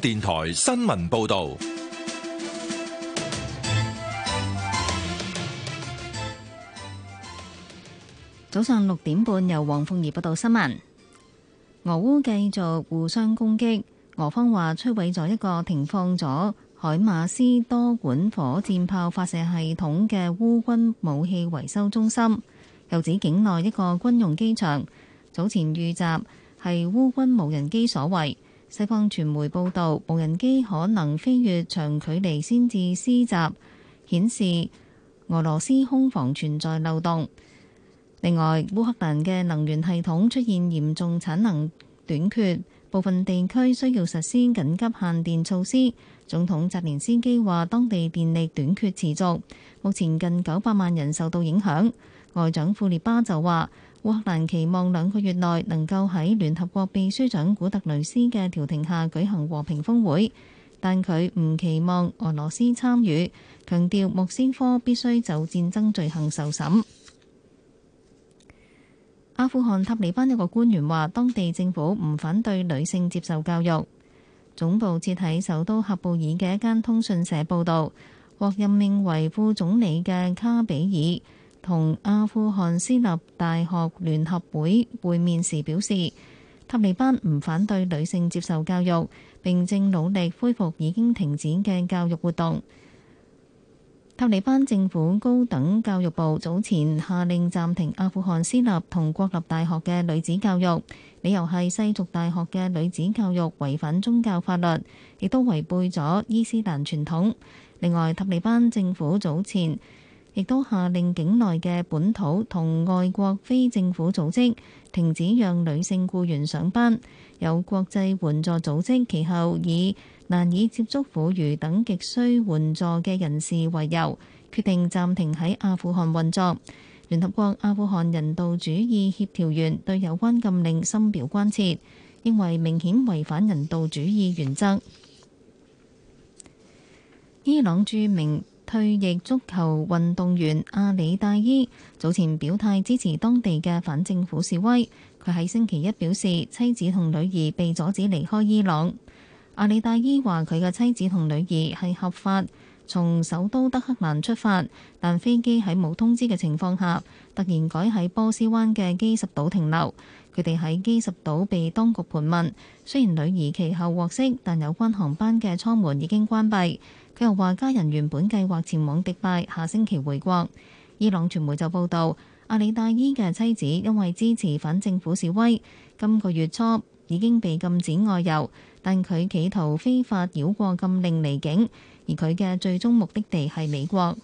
電台新聞報道：早上六點半，由黃鳳儀報道新聞。俄烏繼續互相攻擊，俄方話摧毀咗一個停放咗海馬斯多管火箭炮發射系統嘅烏軍武器維修中心，又指境內一個軍用機場早前遇襲係烏軍無人機所為。西方傳媒報導，無人機可能飛越長距離先至施襲，顯示俄羅斯空防存在漏洞。另外，烏克蘭嘅能源系統出現嚴重產能短缺，部分地區需要實施緊急限電措施。總統澤連斯基話，當地電力短缺持續，目前近九百萬人受到影響。外長庫列巴就話。烏克蘭期望兩個月內能夠喺聯合國秘書長古特雷斯嘅調停下舉行和平峰會，但佢唔期望俄羅斯參與，強調莫斯科必須就戰爭罪行受審。阿富汗塔利班一個官員話：當地政府唔反對女性接受教育。總部設喺首都喀布爾嘅一間通訊社報道，獲任命為副總理嘅卡比爾。同阿富汗私立大學聯合會會面時表示，塔利班唔反對女性接受教育，並正努力恢復已經停止嘅教育活動。塔利班政府高等教育部早前下令暫停阿富汗私立同國立大學嘅女子教育，理由係世俗大學嘅女子教育違反宗教法律，亦都違背咗伊斯蘭傳統。另外，塔利班政府早前亦都下令境內嘅本土同外國非政府組織停止讓女性雇員上班。有國際援助組織其後以難以接觸婦孺等極需援助嘅人士為由，決定暫停喺阿富汗運作。聯合國阿富汗人道主義協調員對有關禁令深表關切，認為明顯違反人道主義原則。伊朗著名退役足球運動員阿里戴伊早前表態支持當地嘅反政府示威。佢喺星期一表示，妻子同女兒被阻止離開伊朗。阿里戴伊話佢嘅妻子同女兒係合法從首都德黑蘭出發，但飛機喺冇通知嘅情況下突然改喺波斯灣嘅基什島停留。佢哋喺基什島被當局盤問，雖然女兒其後獲釋，但有關航班嘅艙門已經關閉。佢又話：家人原本計劃前往迪拜，下星期回國。伊朗傳媒就報導，阿里大伊嘅妻子因為支持反政府示威，今個月初已經被禁止外遊，但佢企圖非法繞過禁令離境，而佢嘅最終目的地係美國。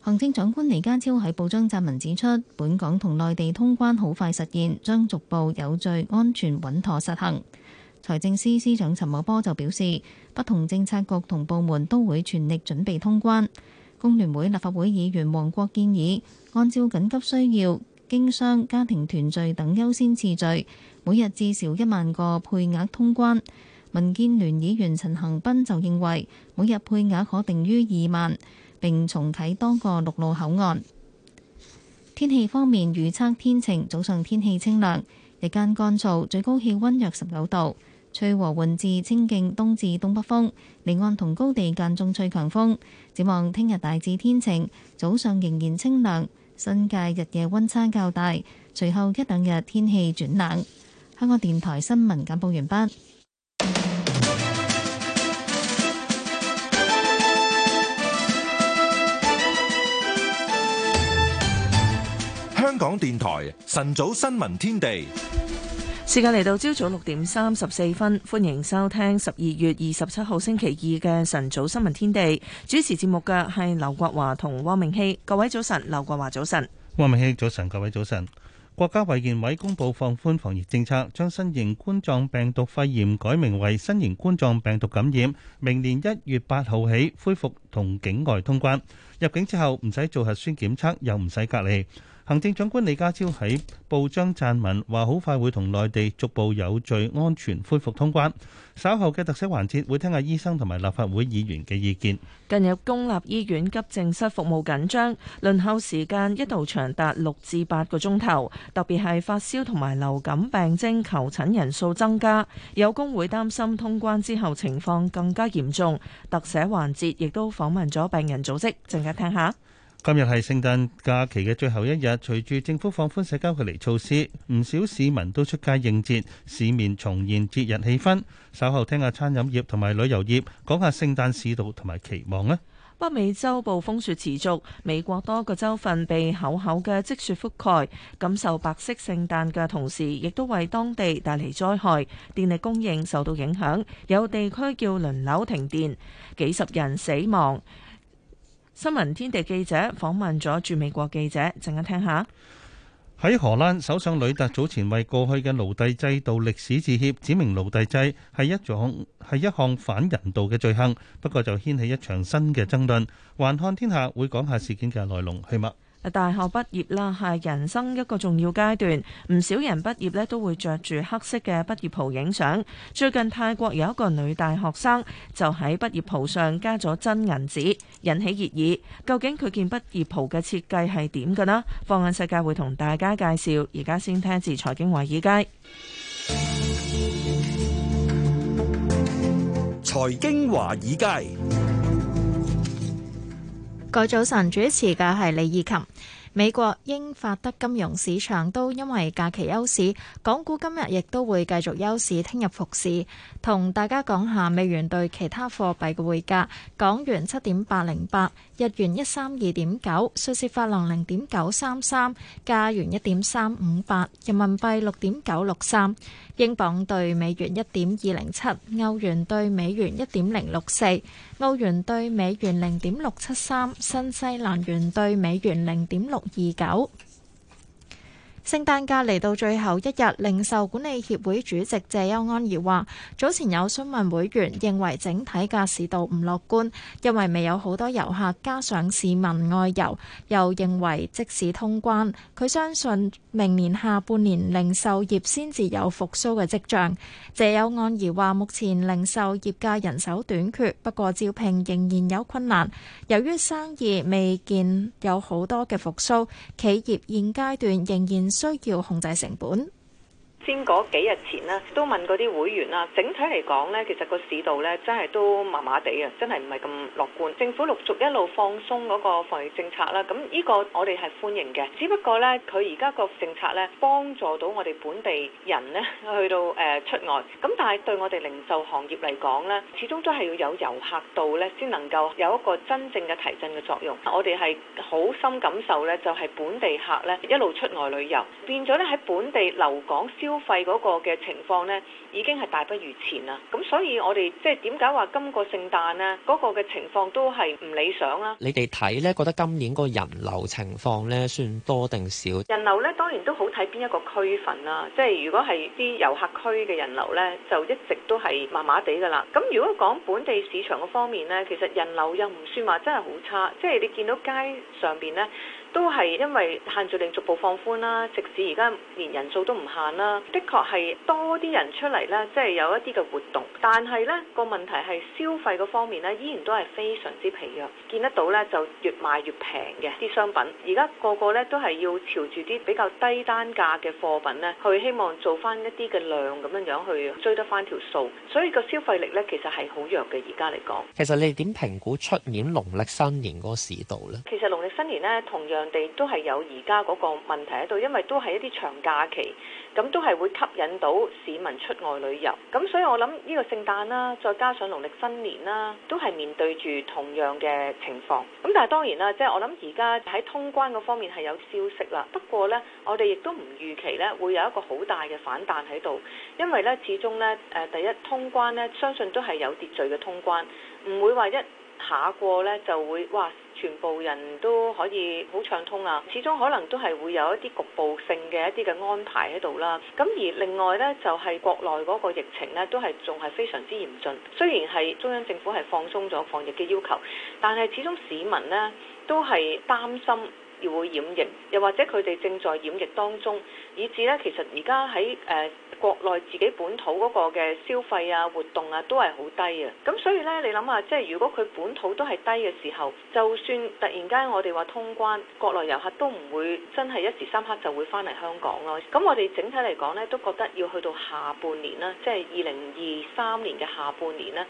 行政長官李家超喺報章撰文指出，本港同內地通關好快實現，將逐步有序、安全、穩妥實行。財政司司長陳茂波就表示，不同政策局同部門都會全力準備通關。工聯會立法會議員黃國建議，按照緊急需要、經商、家庭團聚等優先次序，每日至少一萬個配額通關。民建聯議員陳恒斌就認為，每日配額可定於二萬，並重啟多個陸路口岸。天氣方面預測天晴，早上天氣清涼，日間乾燥，最高氣温約十九度。吹和緩至清勁，東至東北風。離岸同高地間中吹強風。展望聽日大致天晴，早上仍然清涼，新界日夜溫差較大。隨後一兩日天氣轉冷。香港電台新聞簡報完畢。香港電台晨早新聞天地。時間嚟到朝早六點三十四分，歡迎收聽十二月二十七號星期二嘅晨早新聞天地。主持節目嘅係劉國華同汪明熙。各位早晨，劉國華早晨，汪明熙早晨，各位早晨。國家衛健委公布放寬防疫政策，將新型冠狀病毒肺炎改名為新型冠狀病毒感染。明年一月八號起，恢復同境外通關，入境之後唔使做核酸檢測，又唔使隔離。行政長官李家超喺報章撰文，話好快會同內地逐步有序安全恢復通關。稍後嘅特寫環節會聽下醫生同埋立法會議員嘅意見。近日公立醫院急症室服務緊張，輪候時間一度長達六至八個鐘頭，特別係發燒同埋流感病徵求診人數增加。有工會擔心通關之後情況更加嚴重。特寫環節亦都訪問咗病人組織，陣間聽下。今日係聖誕假期嘅最後一日，隨住政府放寬社交距離措施，唔少市民都出街應節，市面重現節日氣氛。稍後聽下餐飲業同埋旅遊業講下聖誕市道同埋期望咧。北美洲暴風雪持續，美國多個州份被厚厚嘅積雪覆蓋，感受白色聖誕嘅同時，亦都為當地帶嚟災害，電力供應受到影響，有地區叫輪流停電，幾十人死亡。新聞天地記者訪問咗駐美國記者，陣間聽一下。喺荷蘭，首相呂特早前為過去嘅奴隸制度歷史致歉，指明奴隸制係一種係一項反人道嘅罪行。不過就掀起一場新嘅爭論。橫看天下會講下事件嘅來龍去脈。大學畢業啦，係人生一個重要階段，唔少人畢業呢都會着住黑色嘅畢業袍影相。最近泰國有一個女大學生就喺畢業袍上加咗真銀紙，引起熱議。究竟佢件畢業袍嘅設計係點嘅呢？放眼世界會同大家介紹。而家先聽自財經華爾街，財經華爾街。個早晨主持嘅係李義琴。美國、英、法、德金融市場都因為假期休市，港股今日亦都會繼續休市，聽日復市。同大家講下美元兌其他貨幣嘅匯價，港元七點八零八。日元一三二點九，瑞士法郎零點九三三，加元一點三五八，人民幣六點九六三，英鎊兌美元一點二零七，歐元兌美元一點零六四，澳元兌美元零點六七三，新西蘭元兌美元零點六二九。聖誕假嚟到最後一日，零售管理協會主席謝邱安儀話：早前有詢問會員，認為整體嘅市道唔樂觀，因為未有好多遊客，加上市民外遊，又認為即使通關，佢相信明年下半年零售業先至有復甦嘅跡象。謝邱安儀話：目前零售業界人手短缺，不過招聘仍然有困難，由於生意未見有好多嘅復甦，企業現階段仍然需要控制成本。先嗰幾日前啦，都問嗰啲會員啦，整體嚟講咧，其實個市道咧真係都麻麻哋啊，真係唔係咁樂觀。政府陸續一路放鬆嗰個防疫政策啦，咁呢個我哋係歡迎嘅。只不過咧，佢而家個政策咧幫助到我哋本地人咧去到誒、呃、出外，咁但係對我哋零售行業嚟講咧，始終都係要有遊客度咧，先能夠有一個真正嘅提振嘅作用。我哋係好深感受咧，就係、是、本地客咧一路出外旅遊變咗咧喺本地留港消。消費嗰個嘅情況呢已經係大不如前啦。咁所以我哋即係點解話今個聖誕呢嗰個嘅情況都係唔理想啦。你哋睇呢覺得今年嗰人流情況呢算多定少？人流呢當然都好睇邊一個區份啦。即係如果係啲遊客區嘅人流呢，就一直都係麻麻地噶啦。咁如果講本地市場嘅方面呢，其實人流又唔算話真係好差。即係你見到街上邊呢。都係因為限聚令逐步放寬啦，直至而家連人數都唔限啦，的確係多啲人出嚟呢，即係有一啲嘅活動。但係呢個問題係消費嘅方面呢，依然都係非常之疲弱，見得到呢就越賣越平嘅啲商品。而家個個呢都係要朝住啲比較低單價嘅貨品呢去希望做翻一啲嘅量咁樣樣去追得翻條數，所以個消費力呢，其實係好弱嘅。而家嚟講，其實你點評估出年農曆新年嗰個市道呢？其實農曆新年呢同樣。人哋都係有而家嗰個問題喺度，因為都係一啲長假期，咁都係會吸引到市民出外旅遊。咁所以我諗呢個聖誕啦，再加上農曆新年啦，都係面對住同樣嘅情況。咁但係當然啦，即係我諗而家喺通關嗰方面係有消息啦。不過呢，我哋亦都唔預期呢會有一個好大嘅反彈喺度，因為呢，始終呢，誒第一通關呢，相信都係有秩序嘅通關，唔會話一。下過咧就會哇，全部人都可以好暢通啊！始終可能都係會有一啲局部性嘅一啲嘅安排喺度啦。咁而另外呢，就係、是、國內嗰個疫情呢，都係仲係非常之嚴峻。雖然係中央政府係放鬆咗防疫嘅要求，但係始終市民呢，都係擔心要會染疫，又或者佢哋正在染疫當中。以至咧，其實而家喺誒國內自己本土嗰個嘅消費啊、活動啊都係好低啊。咁所以呢，你諗下，即係如果佢本土都係低嘅時候，就算突然間我哋話通關，國內遊客都唔會真係一時三刻就會翻嚟香港咯。咁我哋整體嚟講呢，都覺得要去到下半年啦，即係二零二三年嘅下半年咧，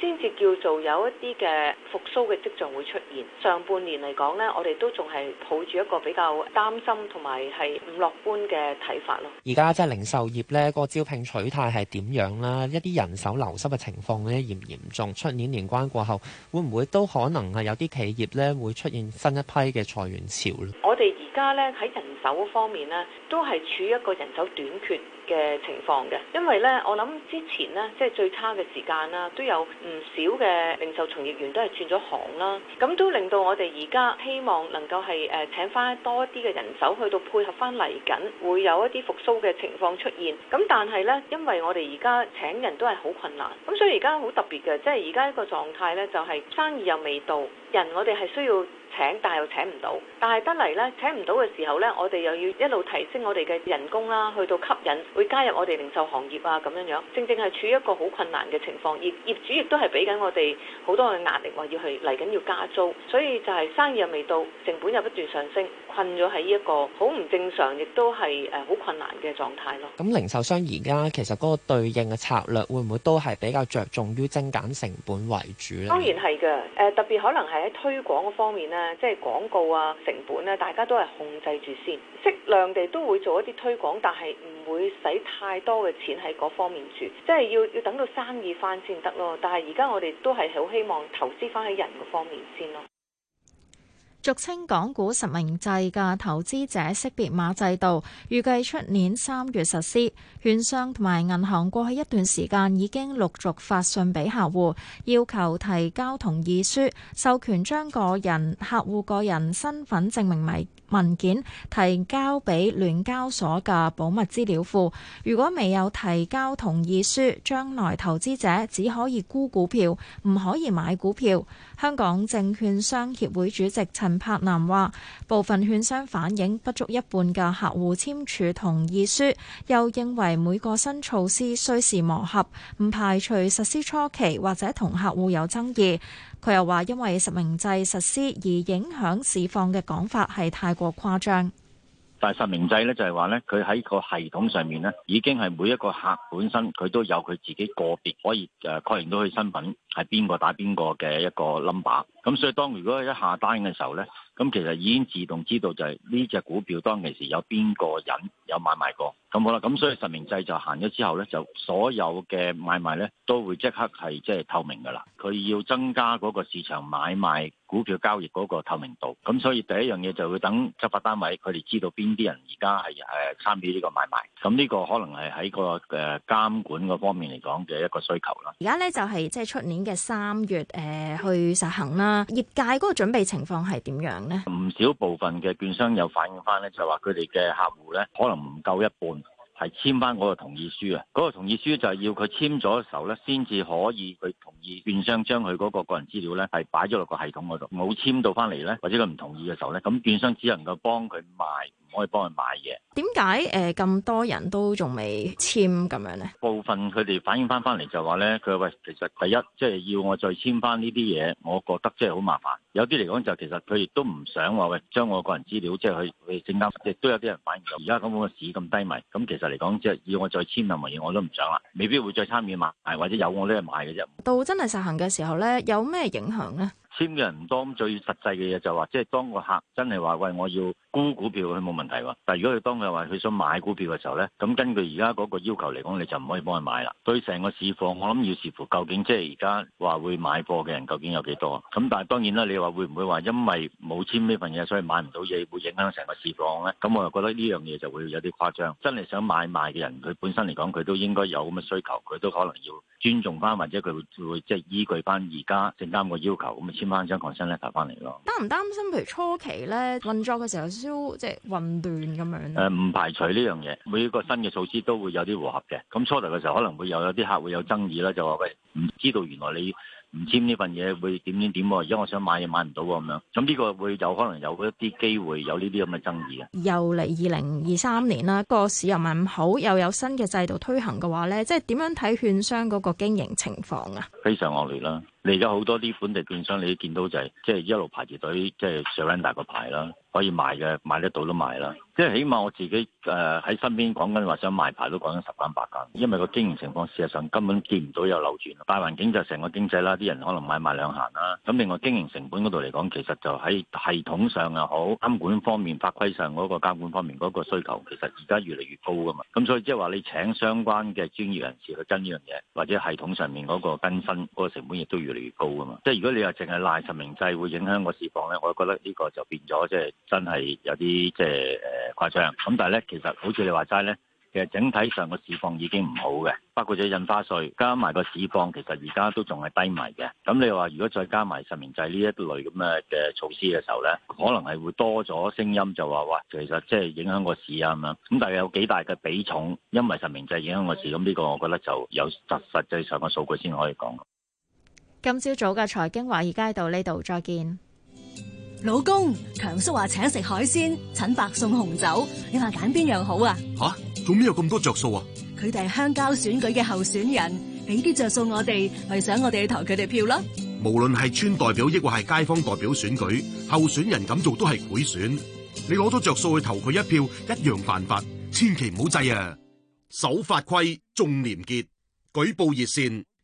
先至叫做有一啲嘅復甦嘅跡象會出現。上半年嚟講呢，我哋都仲係抱住一個比較擔心同埋係唔樂觀嘅睇法咯，而家即係零售業咧，呢個招聘取態係點樣啦？一啲人手流失嘅情況咧嚴唔嚴重？出年年關過後會唔會都可能係有啲企業咧會出現新一批嘅裁員潮咧？我哋而家咧喺人手方面咧，都係處於一個人手短缺嘅情況嘅，因為咧我諗之前咧即係最差嘅時間啦，都有唔少嘅零售從業員都係轉咗行啦，咁都令到我哋而家希望能夠係誒、呃、請翻多一啲嘅人手去到配合翻嚟緊，會有一啲復甦嘅情況出現。咁但係咧，因為我哋而家請人都係好困難，咁所以而家好特別嘅，即係而家一個狀態咧，就係、是、生意又未到，人我哋係需要。請但係又請唔到，但係得嚟呢，請唔到嘅時候呢，我哋又要一路提升我哋嘅人工啦，去到吸引會加入我哋零售行業啊咁樣樣，正正係處於一個好困難嘅情況，業業,業主亦都係俾緊我哋好多嘅壓力話要去嚟緊要加租，所以就係生意又未到，成本又不斷上升，困咗喺呢一個好唔正常，亦都係誒好困難嘅狀態咯。咁零售商而家其實嗰個對應嘅策略會唔會都係比較着重於精簡成本為主咧？當然係嘅，誒、呃、特別可能係喺推廣嘅方面呢。即係廣告啊，成本咧、啊，大家都係控制住先，適量地都會做一啲推廣，但係唔會使太多嘅錢喺嗰方面住，即係要要等到生意翻先得咯。但係而家我哋都係好希望投資翻喺人嗰方面先咯。俗稱港股實名制嘅投資者識別碼制度，預計出年三月實施。券商同埋銀行過去一段時間已經陸續發信俾客戶，要求提交同意書，授權將個人客戶個人身份證明為。文件提交俾聯交所嘅保密資料庫。如果未有提交同意書，將來投資者只可以沽股票，唔可以買股票。香港證券商協會主席陳柏南話：部分券商反映不足一半嘅客戶簽署同意書，又認為每個新措施需時磨合，唔排除實施初期或者同客戶有爭議。佢又話因為實名制實施而影響市況嘅講法係太過誇張。但係實名制咧就係話咧，佢喺個系統上面咧，已經係每一個客本身佢都有佢自己個別可以誒確認到佢身份係邊個打邊個嘅一個 number。咁所以當如果佢一下單嘅時候咧。咁其實已經自動知道就係呢隻股票當其時有邊個人有買賣過，咁好啦。咁所以實名制就行咗之後咧，就所有嘅買賣咧都會即刻係即係透明噶啦。佢要增加嗰個市場買賣股票交易嗰個透明度，咁所以第一樣嘢就會等執法單位佢哋知道邊啲人而家係誒參與呢個買賣，咁呢個可能係喺個誒監管嗰方面嚟講嘅一個需求啦。而家咧就係即係出年嘅三月誒、呃、去實行啦，業界嗰個準備情況，係點樣咧？唔少部分嘅券商有反映翻咧，就話佢哋嘅客戶咧可能唔夠一半。係簽翻嗰個同意書啊，嗰個同意書就係要佢簽咗嘅時候咧，先至可以佢同意券商將佢嗰個個人資料咧係擺咗落個系統嗰度。冇簽到翻嚟咧，或者佢唔同意嘅時候咧，咁券商只能夠幫佢賣。可以幫佢買嘢，點解，誒咁多人都仲未簽咁樣咧？部分佢哋反映翻翻嚟就話咧，佢話喂，其實第一即係要我再簽翻呢啲嘢，我覺得即係好麻煩。有啲嚟講就其實佢亦都唔想話喂，將我個人資料即係去，佢正啱。亦都有啲人反映，而家咁樣個市咁低迷，咁其實嚟講即係要我再簽任何嘢，我都唔想啦，未必會再參與買，或者有我呢係買嘅啫。到真係實行嘅時候咧，有咩影響咧？簽嘅人唔多，咁最實際嘅嘢就話，即係當個客真係話喂，我要沽股票，佢冇問題喎。但係如果佢當佢話佢想買股票嘅時候咧，咁根據而家嗰個要求嚟講，你就唔可以幫佢買啦。對成個市況，我諗要視乎究竟即係而家話會買貨嘅人究竟有幾多。咁但係當然啦，你話會唔會話因為冇簽呢份嘢，所以買唔到嘢，會影響成個市況咧？咁我又覺得呢樣嘢就會有啲誇張。真係想買賣嘅人，佢本身嚟講佢都應該有咁嘅需求，佢都可能要尊重翻或者佢會會即係依據翻而家證監個要求咁嚟簽翻想擴新咧，帶翻嚟咯。擔唔擔心？譬如初期咧運作嘅時候，少即係混亂咁樣咧。誒，唔排除呢樣嘢。每一個新嘅措施都會有啲和合嘅。咁初頭嘅時候，可能會有啲客戶有爭議啦，就話喂，唔知道原來你唔簽呢份嘢會點點點喎。而家我想買嘢買唔到喎咁樣。咁呢個會有可能有一啲機會有呢啲咁嘅爭議嘅。又嚟二零二三年啦，個市又唔係咁好，又有新嘅制度推行嘅話咧，即係點樣睇券商嗰個經營情況啊？非常惡劣啦。你而家好多啲本地券商，你都見到就係、是、即係一路排住隊，即係 surrender 個牌啦，可以賣嘅買得到都賣啦。即係起碼我自己誒喺、呃、身邊講緊話想賣牌都講緊十間八間，因為個經營情況事實上根本見唔到有流轉。大環境就成個經濟啦，啲人可能買賣兩行啦。咁另外經營成本嗰度嚟講，其實就喺系統上又好、啊、監管方面、法規上嗰個監管方面嗰個需求，其實而家越嚟越高㗎嘛。咁所以即係話你請相關嘅專業人士去跟呢樣嘢，或者系統上面嗰個更新嗰、那個成本亦都越越嚟越高啊嘛！即係如果你話淨係賴實名制會影響個市況咧，我覺得呢個就變咗即係真係有啲即係誒誇張。咁但係咧，其實好似你話齋咧，其實整體上個市況已經唔好嘅，包括咗印花稅加埋個市況，其實而家都仲係低迷嘅。咁你話如果再加埋實名制呢一類咁嘅嘅措施嘅時候咧，可能係會多咗聲音就話嘩其實即係影響個市啊嘛。咁但係有幾大嘅比重，因為實名制影響個市，咁呢個我覺得就有實實際上個數據先可以講。今朝早嘅財經華爾街到呢度再見。老公，強叔話請食海鮮，陳伯送紅酒，你話揀邊樣好啊？吓，做咩有咁多着數啊？佢哋係鄉郊選舉嘅候選人，俾啲着數我哋，咪想我哋去投佢哋票咯。無論係村代表，抑或係街坊代表選舉，候選人咁做都係賄選。你攞咗着數去投佢一票，一樣犯法。千祈唔好制啊！守法規，重廉潔，舉報熱線。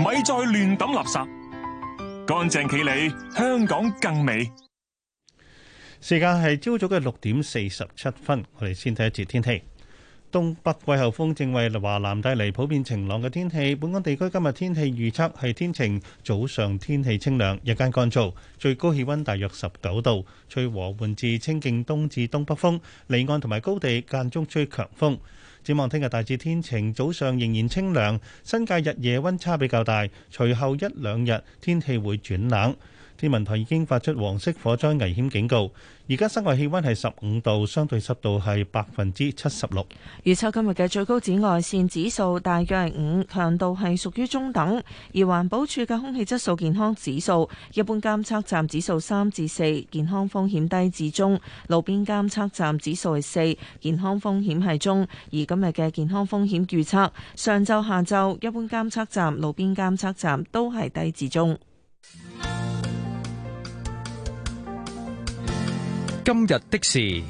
咪再亂抌垃圾，乾淨企理，香港更美。時間係朝早嘅六點四十七分，我哋先睇一節天氣。東北季候風正為華南帶嚟普遍晴朗嘅天氣，本港地區今日天氣預測係天晴，早上天氣清涼，日間乾燥，最高氣溫大約十九度，吹和緩至清勁東至東北風，離岸同埋高地間中吹強風。展望聽日大致天晴，早上仍然清涼，新界日夜溫差比較大。隨後一兩日天氣會轉冷。天文台已經發出黃色火災危險警告。而家室外氣温係十五度，相對濕度係百分之七十六。預測今日嘅最高紫外線指數大約係五，強度係屬於中等。而環保署嘅空氣質素健康指數，一般監測站指數三至四，健康風險低至中；路邊監測站指數係四，健康風險係中。而今日嘅健康風險預測，上晝、下晝一般監測站、路邊監測站都係低至中。今日的事，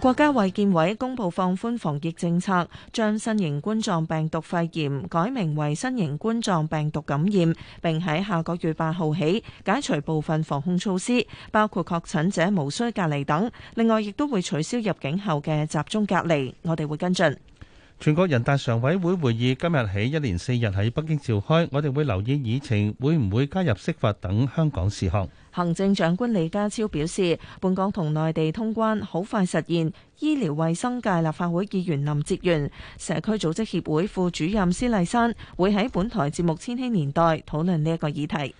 國家衛健委公布放寬防疫政策，將新型冠狀病毒肺炎改名為新型冠狀病毒感染，並喺下個月八號起解除部分防控措施，包括確診者無需隔離等。另外，亦都會取消入境後嘅集中隔離。我哋會跟進。全國人大常委會會議今日起一連四日喺北京召開，我哋會留意議程會唔會加入釋法等香港事項。行政長官李家超表示，本港同內地通關好快實現。醫療衛生界立法會議員林哲元、社區組織協會副主任施麗珊會喺本台節目《千禧年代》討論呢一個議題。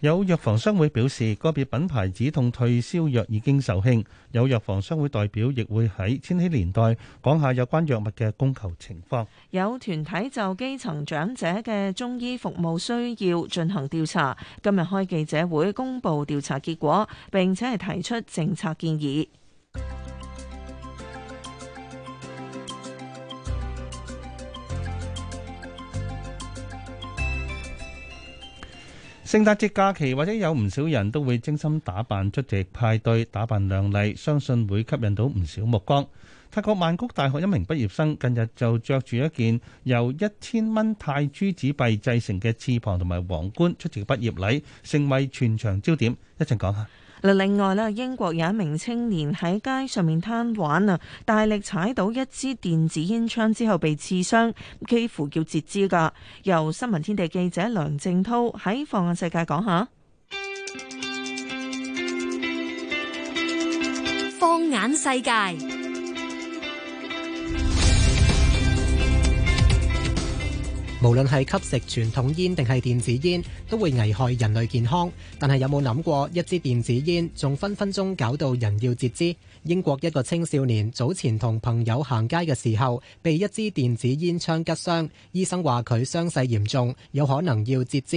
有藥房商會表示，個別品牌止痛退燒藥已經售罄。有藥房商會代表亦會喺千禧年代講下有關藥物嘅供求情況。有團體就基層長者嘅中醫服務需要進行調查，今日開記者會公佈調查結果，並且係提出政策建議。聖誕節假期或者有唔少人都會精心打扮出席派對，打扮亮麗，相信會吸引到唔少目光。泰國曼谷大學一名畢業生近日就着住一件由一千蚊泰銖紙幣製成嘅翅膀同埋皇冠出席畢業禮，成為全場焦點。一陣講下。另外咧，英國有一名青年喺街上面貪玩啊，大力踩到一支電子煙槍之後被刺傷，幾乎要截肢噶。由新聞天地記者梁正濤喺放眼世界講下。放眼世界。無論係吸食傳統煙定係電子煙，都會危害人類健康。但係有冇諗過，一支電子煙仲分分鐘搞到人要截肢？英國一個青少年早前同朋友行街嘅時候，被一支電子煙槍拮傷，醫生話佢傷勢嚴重，有可能要截肢。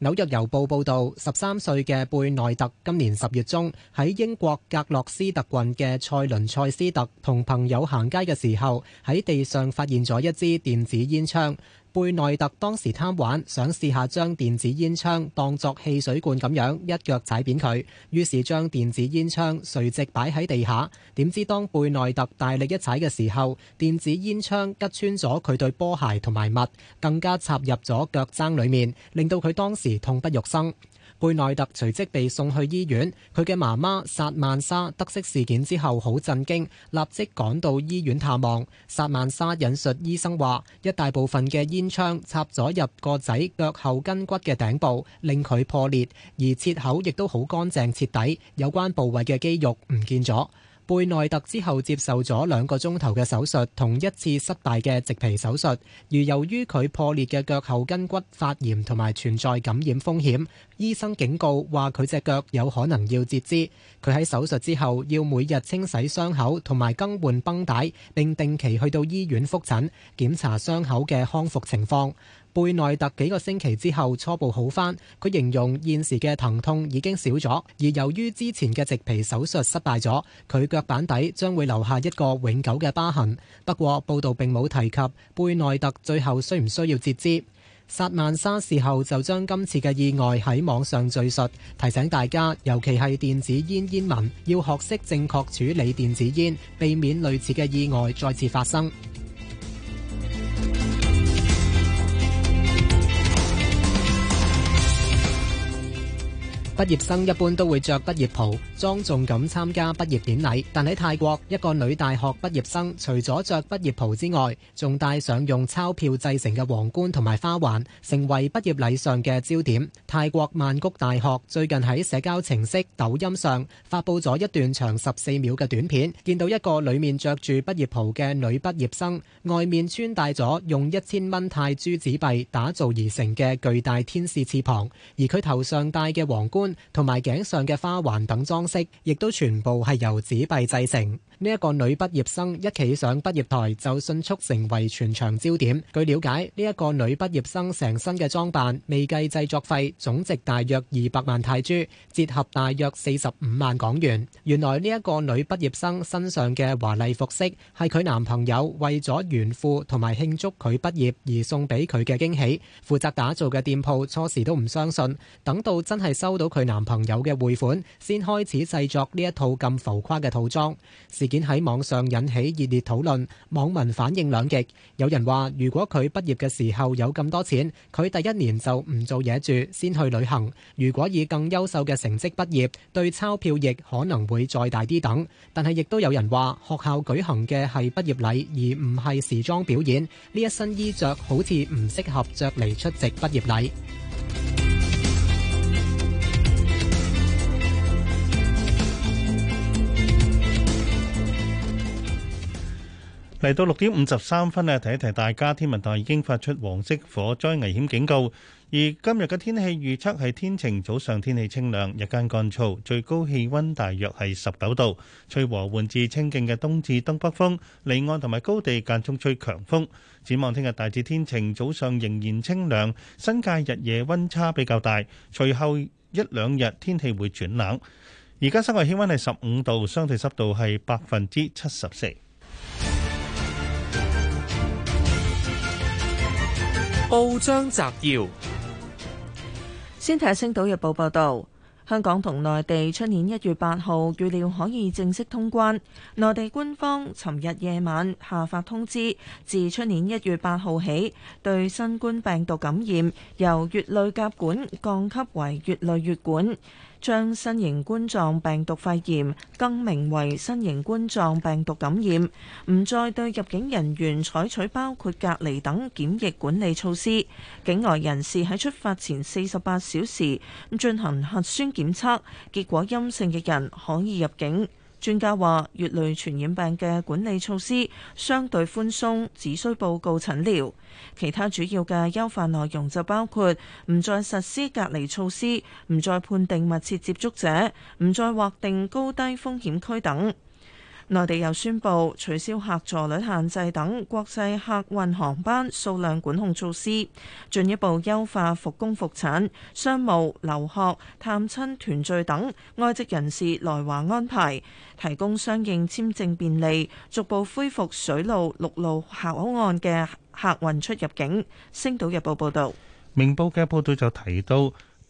紐約郵報報道，十三歲嘅貝內特今年十月中喺英國格洛斯特郡嘅塞倫塞斯特同朋友行街嘅時候，喺地上發現咗一支電子煙槍。貝內特當時貪玩，想試下將電子煙槍當作汽水罐咁樣一腳踩扁佢，於是將電子煙槍垂直擺喺地下。點知當貝內特大力一踩嘅時候，電子煙槍拮穿咗佢對波鞋同埋襪，更加插入咗腳踭裡面，令到佢當時痛不欲生。貝內特隨即被送去醫院，佢嘅媽媽薩曼莎得悉事件之後好震驚，立即趕到醫院探望。薩曼莎引述醫生話：一大部分嘅煙槍插咗入個仔腳後跟骨嘅頂部，令佢破裂，而切口亦都好乾淨徹底，有關部位嘅肌肉唔見咗。貝內特之後接受咗兩個鐘頭嘅手術同一次失敗嘅植皮手術，而由於佢破裂嘅腳後跟骨發炎同埋存在感染風險，醫生警告話佢隻腳有可能要截肢。佢喺手術之後要每日清洗傷口同埋更換繃帶，並定期去到醫院復診檢查傷口嘅康復情況。貝內特幾個星期之後初步好返，佢形容現時嘅疼痛已經少咗，而由於之前嘅植皮手術失敗咗，佢腳板底將會留下一個永久嘅疤痕。不過報道並冇提及貝內特最後需唔需要截肢。薩曼莎事後就將今次嘅意外喺網上敘述，提醒大家，尤其係電子煙煙民要學識正確處理電子煙，避免類似嘅意外再次發生。畢業生一般都會着畢業袍，莊重咁參加畢業典禮。但喺泰國，一個女大學畢業生除咗着畢業袍之外，仲戴上用鈔票製成嘅皇冠同埋花環，成為畢業禮上嘅焦點。泰國曼谷大學最近喺社交程式抖音上發佈咗一段長十四秒嘅短片，見到一個裏面着住畢業袍嘅女畢業生，外面穿戴咗用一千蚊泰銖紙幣打造而成嘅巨大天使翅膀，而佢頭上戴嘅皇冠。同埋頸上嘅花環等裝飾，亦都全部係由紙幣製成。呢一個女畢業生一企上畢業台就迅速成為全場焦點。據了解，呢一個女畢業生成身嘅裝扮未計製作費，總值大約二百萬泰銖，折合大約四十五萬港元。原來呢一個女畢業生身上嘅華麗服飾係佢男朋友為咗炫富同埋慶祝佢畢業而送俾佢嘅驚喜。負責打造嘅店鋪初時都唔相信，等到真係收到佢男朋友嘅匯款，先開始製作呢一套咁浮誇嘅套裝。事件喺網上引起熱烈討論，網民反應兩極。有人話如果佢畢業嘅時候有咁多錢，佢第一年就唔做嘢住，先去旅行。如果以更優秀嘅成績畢業，對鈔票亦可能會再大啲等。但係亦都有人話，學校舉行嘅係畢業禮，而唔係時裝表演。呢一身衣着好似唔適合着嚟出席畢業禮。嚟到六點五十三分咧，提一提大家，天文台已經發出黃色火災危險警告。而今日嘅天氣預測係天晴，早上天氣清涼，日間乾燥，最高氣温大約係十九度，吹和緩至清勁嘅東至東北風，離岸同埋高地間中吹強風。展望聽日大致天晴，早上仍然清涼，新界日夜温差比較大。隨後一兩日天氣會轉冷。而家室外氣温係十五度，相對濕度係百分之七十四。報章摘要：先睇《星島日報》報道，香港同內地出年一月八號預料可以正式通關。內地官方尋日夜晚下發通知，自出年一月八號起，對新冠病毒感染由乙類甲管降級為乙類乙管。將新型冠狀病毒肺炎更名為新型冠狀病毒感染，唔再對入境人員採取包括隔離等檢疫管理措施。境外人士喺出發前四十八小時咁進行核酸檢測，結果陰性嘅人可以入境。專家話，乙類傳染病嘅管理措施相對寬鬆，只需報告診療。其他主要嘅優化內容就包括唔再實施隔離措施，唔再判定密切接觸者，唔再劃定高低風險區等。內地又宣布取消客座率限制等國際客運航班數量管控措施，進一步優化復工復產、商務、留學、探親團聚等外籍人士來華安排，提供相應簽證便利，逐步恢復水路、陸路口岸嘅客運出入境。星島日報報道，明報嘅報道就提到。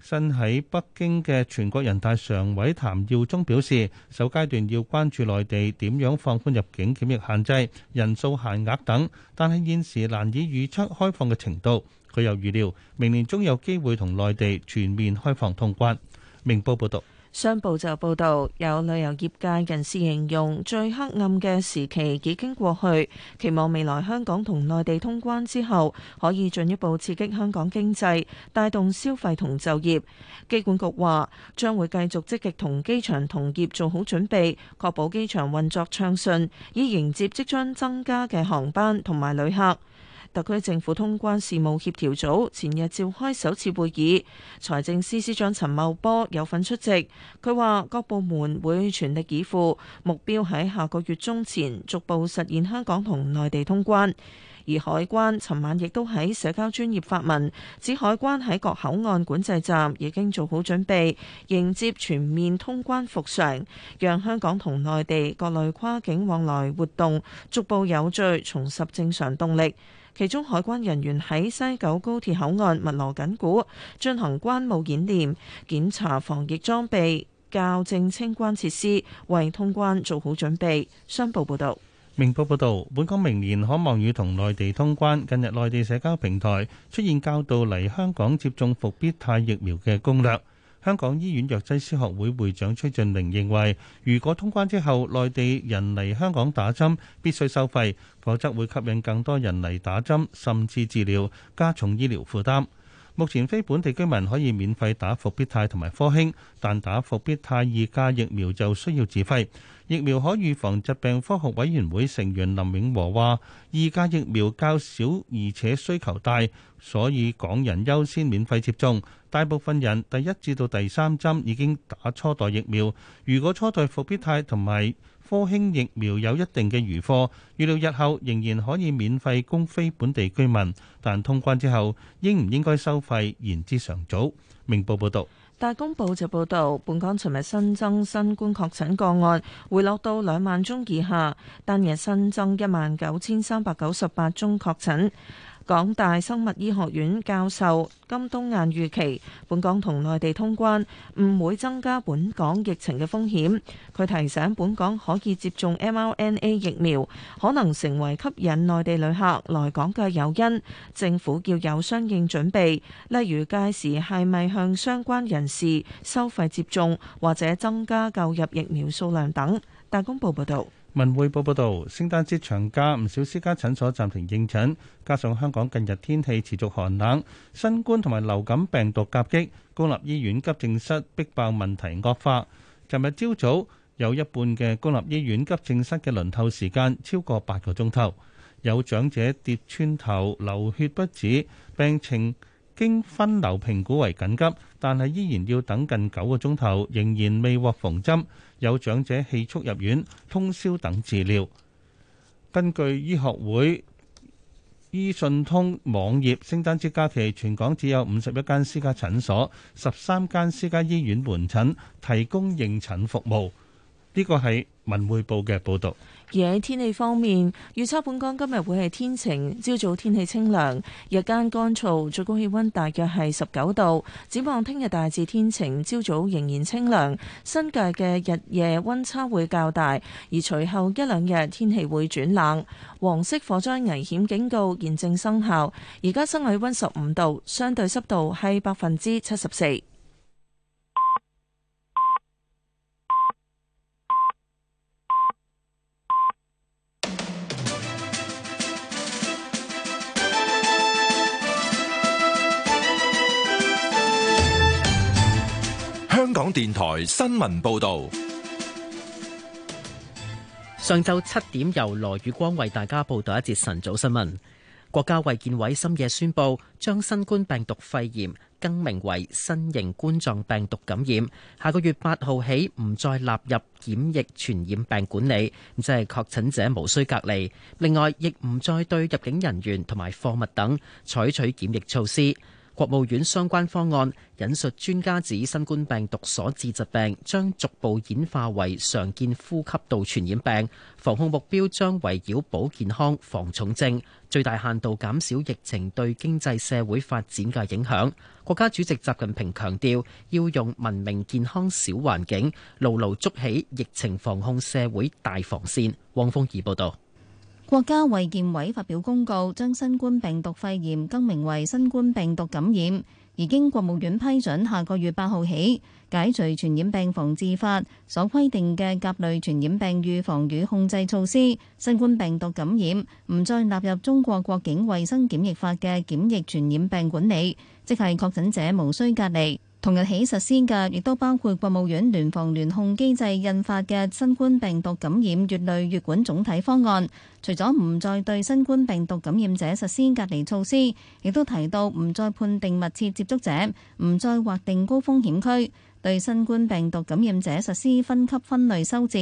身喺北京嘅全國人大常委譚耀宗表示，首階段要關注內地點樣放寬入境檢疫限制，人數限額等，但係現時難以預測開放嘅程度。佢又預料明年終有機會同內地全面開放通關。明報報道。商報就報導，有旅遊業界人士形容最黑暗嘅時期已經過去，期望未來香港同內地通關之後，可以進一步刺激香港經濟，帶動消費同就業。機管局話將會繼續積極同機場同業做好準備，確保機場運作暢順，以迎接即將增加嘅航班同埋旅客。特區政府通關事務協調組前日召開首次會議，財政司司長陳茂波有份出席。佢話：各部門會全力以赴，目標喺下個月中前逐步實現香港同內地通關。而海關尋晚亦都喺社交專頁發文，指海關喺各口岸管制站已經做好準備，迎接全面通關復常，讓香港同內地各類跨境往來活動逐步有序重拾正常動力。其中，海關人員喺西九高鐵口岸密鑼緊鼓進行關務演練，檢查防疫裝備，校正清關設施，為通關做好準備。商報報導，明報報導，本港明年可望與同內地通關。近日，內地社交平台出現較多嚟香港接種復必泰疫苗嘅攻略。香港醫院藥劑師學會會長崔俊明認為，如果通關之後內地人嚟香港打針必須收費，否則會吸引更多人嚟打針，甚至治療，加重醫療負擔。目前非本地居民可以免費打復必泰同埋科興，但打復必泰二價疫苗就需要自費。疫苗可預防疾病，科學委員會成員林永和話二價疫苗較少而且需求大，所以港人優先免費接種。大部分人第一至到第三針已經打初代疫苗，如果初代復必泰同埋科興疫苗有一定嘅餘貨，預料日後仍然可以免費供非本地居民。但通關之後，應唔應該收費，言之尚早。明報報道。《大公報》就報導，本港尋日新增新冠，新冠確診個案回落到兩萬宗以下，單日新增一萬九千三百九十八宗確診。港大生物醫學院教授金冬雁預期，本港同內地通關唔會增加本港疫情嘅風險，佢提醒本港可以接種 mRNA 疫苗，可能成為吸引內地旅客來港嘅誘因。政府要有相應準備，例如屆時係咪向相關人士收費接種或者增加購入疫苗數量等。大公報報道。文匯報報道，聖誕節長假，唔少私家診所暫停應診，加上香港近日天氣持續寒冷，新冠同埋流感病毒夾擊，公立醫院急症室逼爆問題惡化。尋日朝早有一半嘅公立醫院急症室嘅輪候時間超過八個鐘頭，有長者跌穿頭，流血不止，病情經分流評估為緊急，但係依然要等近九個鐘頭，仍然未獲縫針。有長者氣促入院，通宵等治療。根據醫學會醫信通網頁，聖誕節假期全港只有五十一間私家診所、十三間私家醫院門診提供應診服務。呢個係文匯報嘅報導。而喺天氣方面，預測本港今日會係天晴，朝早天氣清涼，日間乾燥，最高氣溫大約係十九度。展望聽日大致天晴，朝早仍然清涼，新界嘅日夜溫差會較大。而隨後一兩日天，天氣會轉冷。黃色火災危險警告現正生效。而家室外氣溫十五度，相對濕度係百分之七十四。香港電台新聞報道：上晝七點，由羅宇光為大家報道一節晨早新聞。國家衛健委深夜宣布，將新冠病毒肺炎更名為新型冠狀病毒感染，下個月八號起唔再納入檢疫傳染病管理，即係確診者無需隔離。另外，亦唔再對入境人員同埋貨物等採取檢疫措施。國務院相關方案引述專家指，新冠病毒所致疾病將逐步演化為常見呼吸道傳染病，防控目標將圍繞保健康、防重症，最大限度減少疫情對經濟社會發展嘅影響。國家主席習近平強調，要用文明健康小環境，牢牢築起疫情防控社會大防線。汪峰怡報道。國家衛健委發表公告，將新冠病毒肺炎更名為新冠病毒感染。而經國務院批准，下個月八號起，解除傳染病防治法所規定嘅甲類傳染病預防與控制措施，新冠病毒感染唔再納入中國國境衛生檢疫法嘅檢疫傳染病管理，即係確診者無需隔離。同日起實施嘅，亦都包括國務院聯防聯控機制印發嘅新冠病毒感染乙類乙管總體方案，除咗唔再對新冠病毒感染者實施隔離措施，亦都提到唔再判定密切接觸者，唔再劃定高風險區，對新冠病毒感染者實施分級分類收治，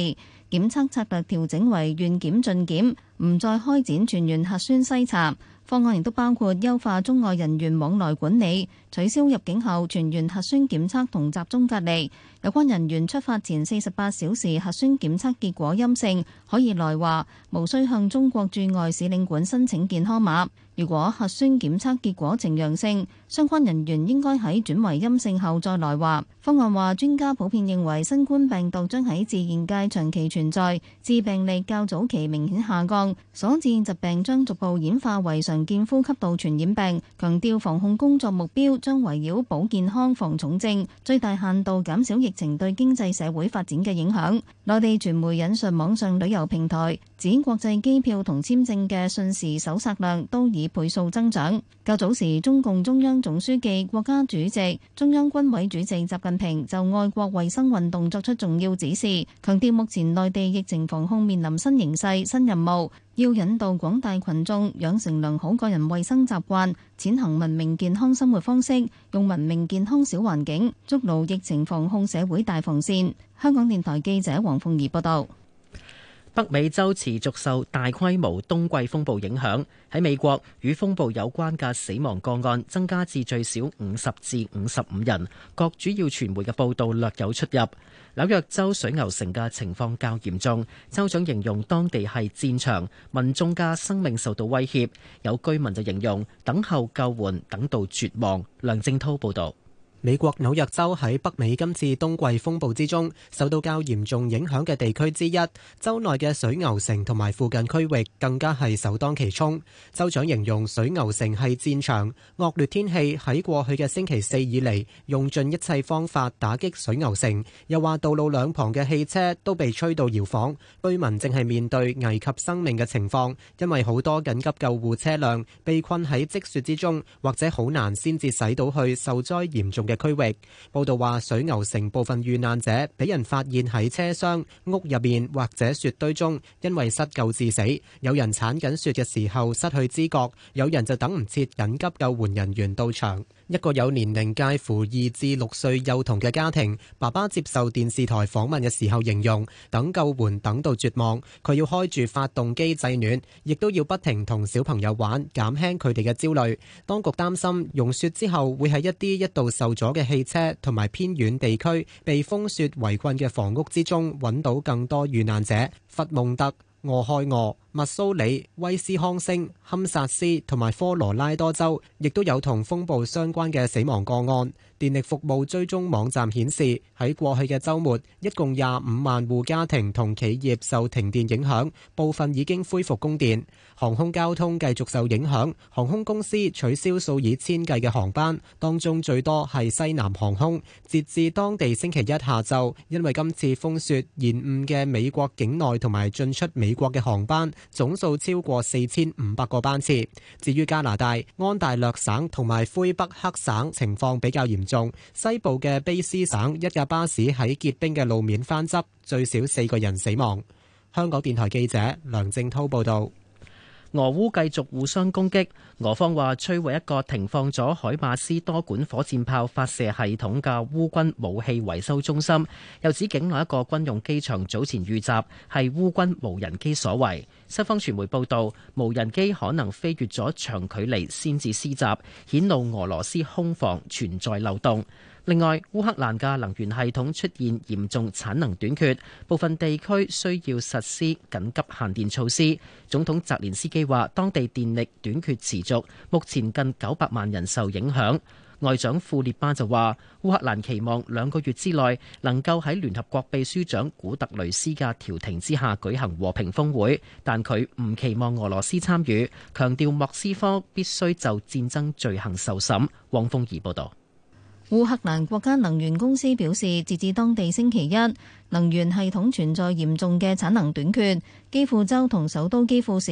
檢測策略調整為願檢盡檢，唔再開展全員核酸篩查。方案亦都包括優化中外人員往來管理，取消入境後全員核酸檢測同集中隔離。有關人員出發前四十八小時核酸檢測結果陰性，可以來華，無需向中國駐外使領館申請健康碼。如果核酸檢測結果呈陽性，相關人員應該喺轉為陰性後再來話。方案話，專家普遍認為新冠病毒將喺自然界長期存在，致病力較早期明顯下降，所致疾病將逐步演化為常見呼吸道傳染病。強調防控工作目標將圍繞保健康、防重症，最大限度減少疫情對經濟社會發展嘅影響，內地傳媒引述網上旅遊平台。展國際機票同簽證嘅瞬時搜索量都以倍數增長。較早時，中共中央總書記、國家主席、中央軍委主席習近平就愛國衞生運動作出重要指示，強調目前內地疫情防控面臨新形勢、新任務，要引導廣大群眾養成良好個人衞生習慣，踐行文明健康生活方式，用文明健康小環境築牢疫情防控社會大防線。香港電台記者黃鳳儀報道。北美洲持續受大規模冬季風暴影響，喺美國與風暴有關嘅死亡個案增加至最少五十至五十五人。各主要傳媒嘅報道略有出入。紐約州水牛城嘅情況較嚴重，州長形容當地係戰場，民眾嘅生命受到威脅。有居民就形容等候救援等到絕望。梁正濤報道。美國紐約州喺北美今次冬季風暴之中受到較嚴重影響嘅地區之一，州內嘅水牛城同埋附近區域更加係首當其衝。州長形容水牛城係戰場，惡劣天氣喺過去嘅星期四以嚟用盡一切方法打擊水牛城，又話道路兩旁嘅汽車都被吹到搖晃，居民正係面對危及生命嘅情況，因為好多緊急救護車輛被困喺積雪之中，或者好難先至駛到去受災嚴重。嘅區域，報道話水牛城部分遇難者俾人發現喺車廂、屋入面或者雪堆中，因為失救致死。有人剷緊雪嘅時候失去知覺，有人就等唔切緊急救援人員到場。一個有年齡介乎二至六歲幼童嘅家庭，爸爸接受電視台訪問嘅時候形容，等救援等到絕望，佢要開住發動機製暖，亦都要不停同小朋友玩，減輕佢哋嘅焦慮。當局擔心融雪之後會喺一啲一度受咗嘅汽車同埋偏遠地區被風雪圍困嘅房屋之中揾到更多遇難者。佛蒙特、俄亥俄、密蘇里、威斯康星、堪薩斯同埋科羅拉多州亦都有同風暴相關嘅死亡個案。電力服務追蹤網站顯示，喺過去嘅週末，一共廿五萬戶家庭同企業受停電影響，部分已經恢復供電。航空交通繼續受影響，航空公司取消數以千計嘅航班，當中最多係西南航空。截至當地星期一下晝，因為今次風雪延誤嘅美國境內同埋進出美國嘅航班總數超過四千五百個班次。至於加拿大、安大略省同埋魁北克省情況比較嚴重，西部嘅卑斯省一架巴士喺結冰嘅路面翻側，最少四個人死亡。香港電台記者梁正濤報道。俄烏繼續互相攻擊，俄方話摧毀一個停放咗海馬斯多管火箭炮發射系統嘅烏軍武器維修中心，又指境內一個軍用機場早前遇襲係烏軍無人機所為。西方傳媒報道，無人機可能飛越咗長距離先至施襲，顯露俄羅斯空防存在漏洞。另外，烏克蘭嘅能源系統出現嚴重產能短缺，部分地區需要實施緊急限電措施。總統澤連斯基話：當地電力短缺持續，目前近九百萬人受影響。外長庫列巴就話：烏克蘭期望兩個月之內能夠喺聯合國秘書長古特雷斯嘅調停之下舉行和平峰會，但佢唔期望俄羅斯參與，強調莫斯科必須就戰爭罪行受審。汪峰儀報導。烏克蘭國家能源公司表示，截至當地星期一，能源系統存在嚴重嘅產能短缺，基輔州同首都基輔市，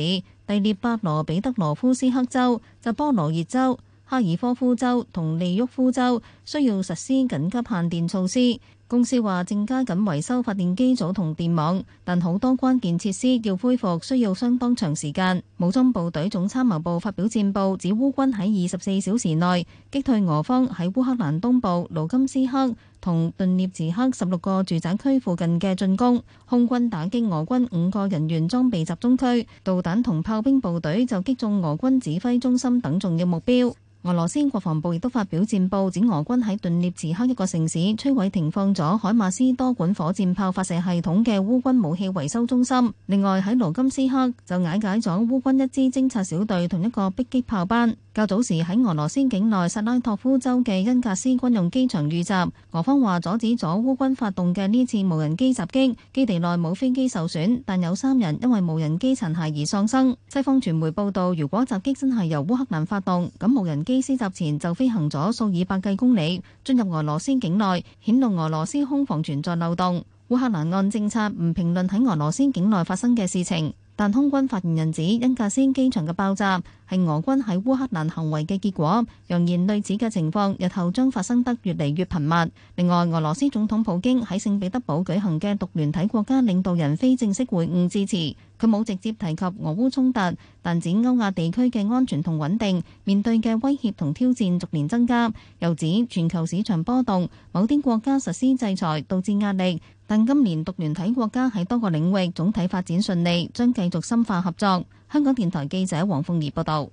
第聶伯羅彼得羅夫斯克州，扎波羅熱州，哈爾科夫州同利沃夫州需要實施緊急限電措施。公司話正加緊維修發電機組同電網，但好多關鍵設施要恢復需要相當長時間。武裝部隊總參謀部發表戰報指烏軍喺二十四小時內擊退俄方喺烏克蘭東部盧甘斯克同頓涅茨克十六個住宅區附近嘅進攻，空軍打擊俄軍五個人員裝備集中區，導彈同炮兵部隊就擊中俄軍指揮中心等重要目標。俄羅斯國防部亦都發表戰報，指俄軍喺頓涅茨克一個城市摧毀停放咗海馬斯多管火箭炮發射系統嘅烏軍武器維修中心。另外喺盧金斯克就瓦解咗烏軍一支偵察小隊同一個迫擊炮班。較早時喺俄羅斯境內薩拉托夫州嘅恩格斯軍用機場遇襲，俄方話阻止咗烏軍發動嘅呢次無人機襲擊，基地內冇飛機受損，但有三人因為無人機殘骸而喪生。西方傳媒報道，如果襲擊真係由烏克蘭發動，咁無人機機失襲前就飛行咗數以百計公里，進入俄羅斯境內，顯露俄羅斯空防存在漏洞。烏克蘭按政策唔評論喺俄羅斯境內發生嘅事情，但空軍發言人指恩格斯機場嘅爆炸係俄軍喺烏克蘭行為嘅結果，揚言類似嘅情況日後將發生得越嚟越頻密。另外，俄羅斯總統普京喺聖彼得堡舉行嘅獨聯體國家領導人非正式會晤致辭。佢冇直接提及俄烏衝突，但指歐亞地區嘅安全同穩定面對嘅威脅同挑戰逐年增加，又指全球市場波動，某啲國家實施制裁導致壓力，但今年獨聯體國家喺多個領域總體發展順利，將繼續深化合作。香港電台記者黃鳳儀報道。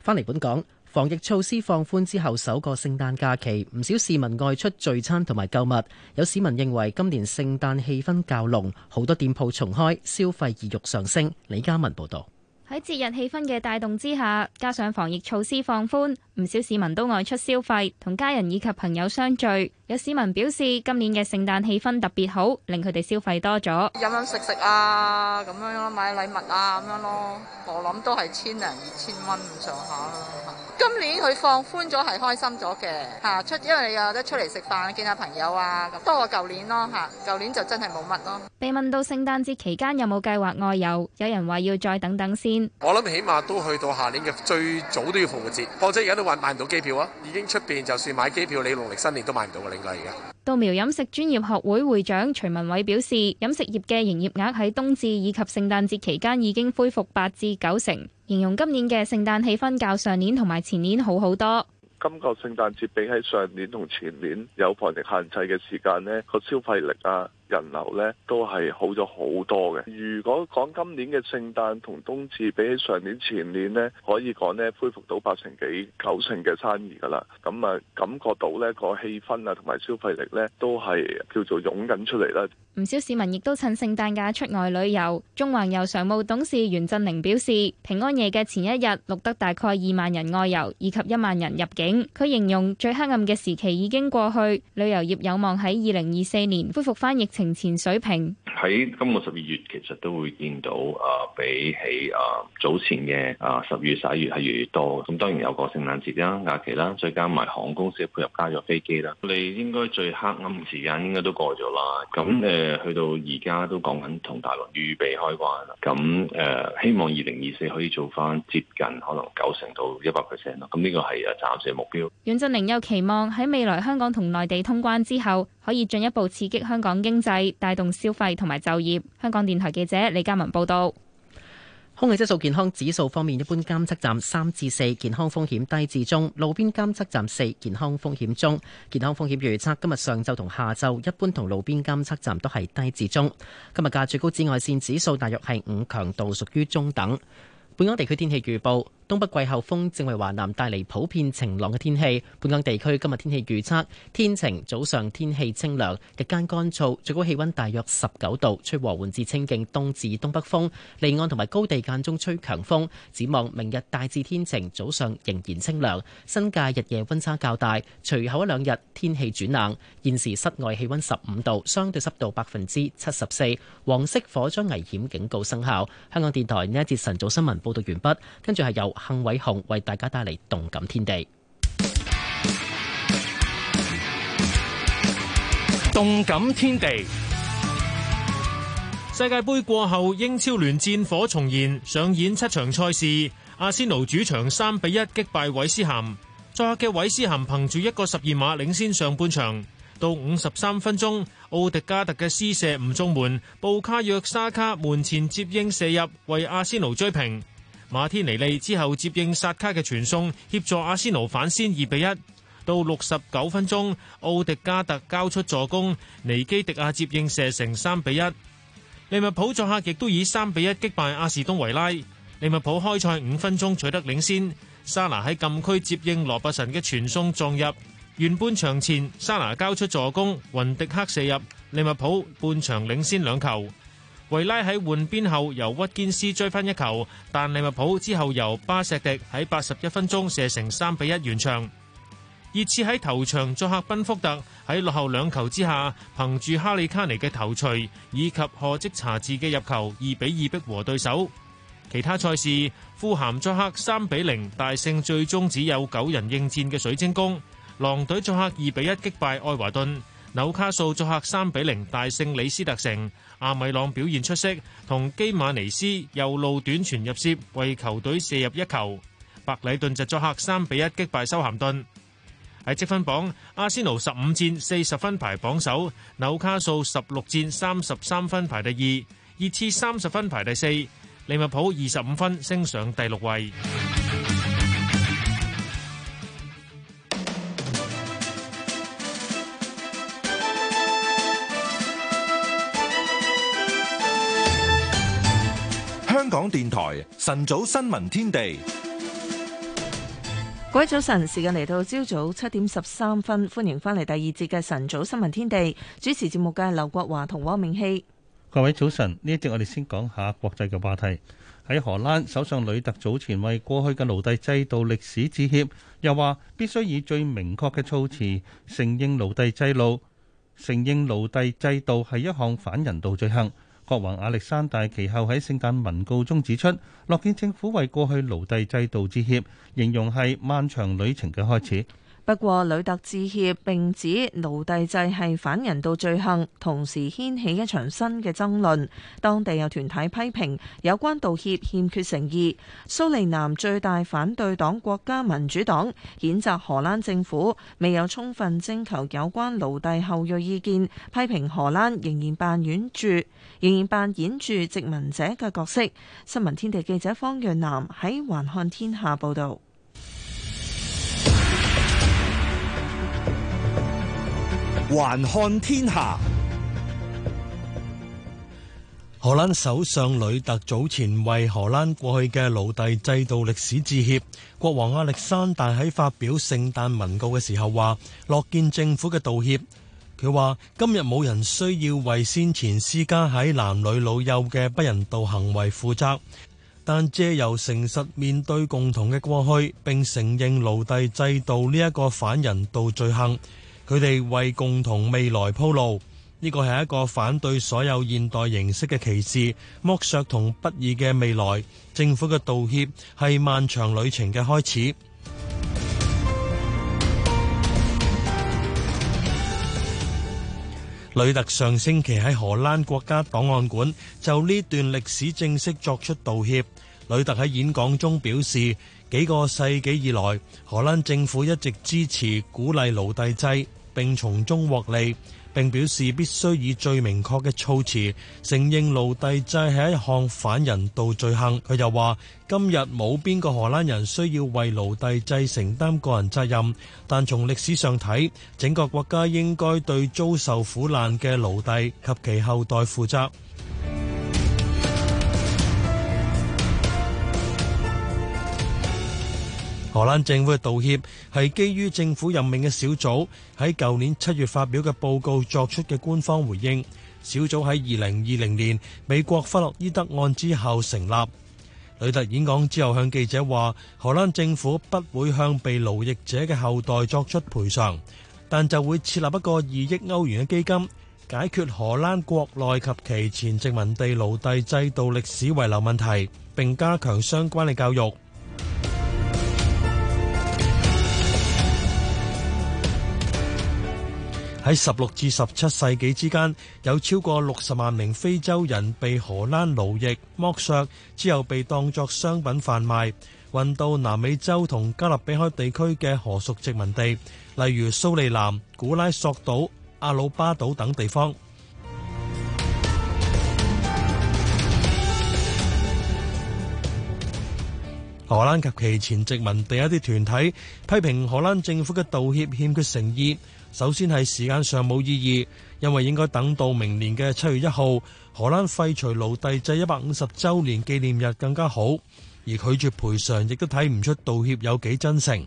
翻嚟本港。防疫措施放寬之後，首個聖誕假期，唔少市民外出聚餐同埋購物。有市民認為今年聖誕氣氛較濃，好多店鋪重開，消費意欲上升。李嘉文報道。喺節日氣氛嘅帶動之下，加上防疫措施放寬。唔少市民都外出消費，同家人以及朋友相聚。有市民表示，今年嘅聖誕氣氛特別好，令佢哋消費多咗。飲飲食食啊，咁樣咯，買禮物啊，咁樣咯。我諗都係千零二千蚊，咁上下咯。今年佢放寬咗，係開心咗嘅，吓，出因為你又得出嚟食飯，見下朋友啊，咁多過舊年咯吓。舊年就真係冇乜咯。被問到聖誕節期間有冇計劃外遊，有人話要再等等先。我諗起碼都去到下年嘅，最早都要復活節，否則而家都。都買唔到機票啊！已經出邊，就算買機票，你農曆新年都買唔到啦！你應該而家。稻苗飲食專業學會會長徐文偉表示，飲食業嘅營業額喺冬至以及聖誕節期間已經恢復八至九成，形容今年嘅聖誕氣氛較上年同埋前年好好多。今個聖誕節比喺上年同前年有防疫限制嘅時間呢，嗰個消費力啊，人流呢都係好咗好多嘅。如果講今年嘅聖誕同冬至比起上年前年呢，可以講呢恢復到八成幾九成嘅生意噶啦。咁啊，感覺到呢個氣氛啊同埋消費力呢都係叫做湧緊出嚟啦。唔少市民亦都趁聖誕假出外旅遊，中環遊常務董事袁振寧表示，平安夜嘅前一日錄得大概二萬人外遊以及一萬人入境。佢形容最黑暗嘅時期已經過去，旅遊業有望喺二零二四年恢復翻疫情平前水平。喺今個十二月其實都會見到啊，比起啊早前嘅啊十月十一月係越越多，咁當然有個聖誕節啦、假期啦，再加埋航空公司配合加咗飛機啦。你應該最黑暗時間應該都過咗啦，咁誒去到而家都講緊同大陸預備開關，咁誒希望二零二四可以做翻接近可能九成到一百 percent 咯，咁呢個係誒暫時嘅目標。阮振寧又期望喺未來香港同內地通關之後，可以進一步刺激香港經濟，帶動消費。同埋就業。香港電台記者李嘉文報道。空氣質素健康指數方面，一般監測站三至四，健康風險低至中；路邊監測站四，健康風險中。健康風險預測，今日上晝同下晝，一般同路邊監測站都係低至中。今日嘅最高紫外線指數大約係五，強度屬於中等。本港地區天氣預報。東北季候風正為華南帶嚟普遍晴朗嘅天氣。本港地區今日天氣預測：天晴，早上天氣清涼，日間乾燥，最高氣温大約十九度，吹和緩至清勁東至東北風。離岸同埋高地間中吹強風。展望明日大致天晴，早上仍然清涼，新界日夜温差較大。隨後一兩日天氣轉冷。現時室外氣温十五度，相對濕度百分之七十四，黃色火災危險警告生效。香港電台呢一節晨早新聞報道完畢，跟住係由。幸偉雄為大家帶嚟動感天地。動感天地。世界杯過後，英超聯戰火重燃，上演七場賽事。阿仙奴主場三比一擊敗韋斯咸，作客嘅韋斯咸憑住一個十二碼領先上半場，到五十三分鐘，奧迪加特嘅施射唔中門，布卡約沙卡門前接應射入，為阿仙奴追平。馬天尼利之後接應薩卡嘅傳送，協助阿仙奴反先二比一。到六十九分鐘，奧迪加特交出助攻，尼基迪亞接應射成三比一。利物浦作客亦都以三比一擊敗阿士東維拉。利物浦開賽五分鐘取得領先，沙拿喺禁區接應羅伯臣嘅傳送撞入。完半場前，沙拿交出助攻，雲迪克射入，利物浦半場領先兩球。維拉喺換邊後由屈堅斯追翻一球，但利物浦之後由巴石迪喺八十一分鐘射成三比一完場。熱刺喺頭場作客賓福特喺落後兩球之下，憑住哈利卡尼嘅頭槌以及何積查治嘅入球二比二逼和對手。其他賽事，富咸作客三比零大勝最終只有九人應戰嘅水晶宮；狼隊作客二比一擊敗愛華頓；紐卡素作客三比零大勝李斯特城。阿米朗表現出色，同基馬尼斯右路短傳入攝，為球隊射入一球。白禮頓就作客三比一擊敗修咸頓。喺積分榜，阿仙奴十五戰四十分排榜首，紐卡素十六戰三十三分排第二，熱刺三十分排第四，利物浦二十五分升上第六位。港電台晨早新聞天地，各位早晨，時間嚟到朝早七點十三分，歡迎翻嚟第二節嘅晨早新聞天地，主持節目嘅係劉國華同汪明熙。各位早晨，呢一節我哋先講下國際嘅話題。喺荷蘭，首相呂特早前為過去嘅奴隸制度歷史致歉，又話必須以最明確嘅措辭承認奴隸制度，承認奴隸制度係一項反人道罪行。國王亞歷山大其後喺聖誕文告中指出，樂見政府為過去奴隸制度致歉，形容係漫長旅程嘅開始。不過，呂特致歉並指奴隸制係反人道罪行，同時掀起一場新嘅爭論。當地有團體批評有關道歉欠缺誠意。蘇利南最大反對黨國家民主黨譴責荷蘭政府未有充分徵求有關奴隸後裔意見，批評荷蘭仍然扮演住仍然扮演住殖民者嘅角色。新聞天地記者方若南喺環看天下報道。環看天下，荷蘭首相呂特早前為荷蘭過去嘅奴隸制度歷史致歉。國王亞歷山大喺發表聖誕文告嘅時候話，樂見政府嘅道歉。佢話今日冇人需要為先前施加喺男女老幼嘅不人道行為負責，但借由誠實面對共同嘅過去，並承認奴隸制度呢一個反人道罪行。佢哋為共同未來鋪路，呢個係一個反對所有現代形式嘅歧視、剝削同不義嘅未來。政府嘅道歉係漫長旅程嘅開始。呂 特上星期喺荷蘭國家檔案館就呢段歷史正式作出道歉。呂特喺演講中表示，幾個世紀以來，荷蘭政府一直支持、鼓勵奴隸制，并從中獲利，并表示必須以最明確嘅措辭承認奴隸制係一項反人道罪行。佢又話，今日冇邊個荷蘭人需要為奴隸制承擔個人責任，但從歷史上睇，整個國家應該對遭受苦難嘅奴隸及其後代負責。荷蘭政府嘅道歉係基於政府任命嘅小組喺舊年七月發表嘅報告作出嘅官方回應。小組喺二零二零年美國弗洛伊德案之後成立。呂特演講之後向記者話：荷蘭政府不會向被奴役者嘅後代作出賠償，但就會設立一個二億歐元嘅基金，解決荷蘭國內及其前殖民地奴隸制度歷史遺留問題，並加強相關嘅教育。喺十六至十七世紀之間，有超過六十萬名非洲人被荷蘭奴役、剝削，之後被當作商品販賣，運到南美洲同加勒比海地區嘅荷屬殖民地，例如蘇利南、古拉索島、阿魯巴島等地方。荷蘭及其前殖民地一啲團體批評荷蘭政府嘅道歉欠缺誠意。首先係時間上冇意義，因為應該等到明年嘅七月一號，荷蘭廢除奴隸制一百五十週年紀念日更加好。而拒絕賠償，亦都睇唔出道歉有幾真誠。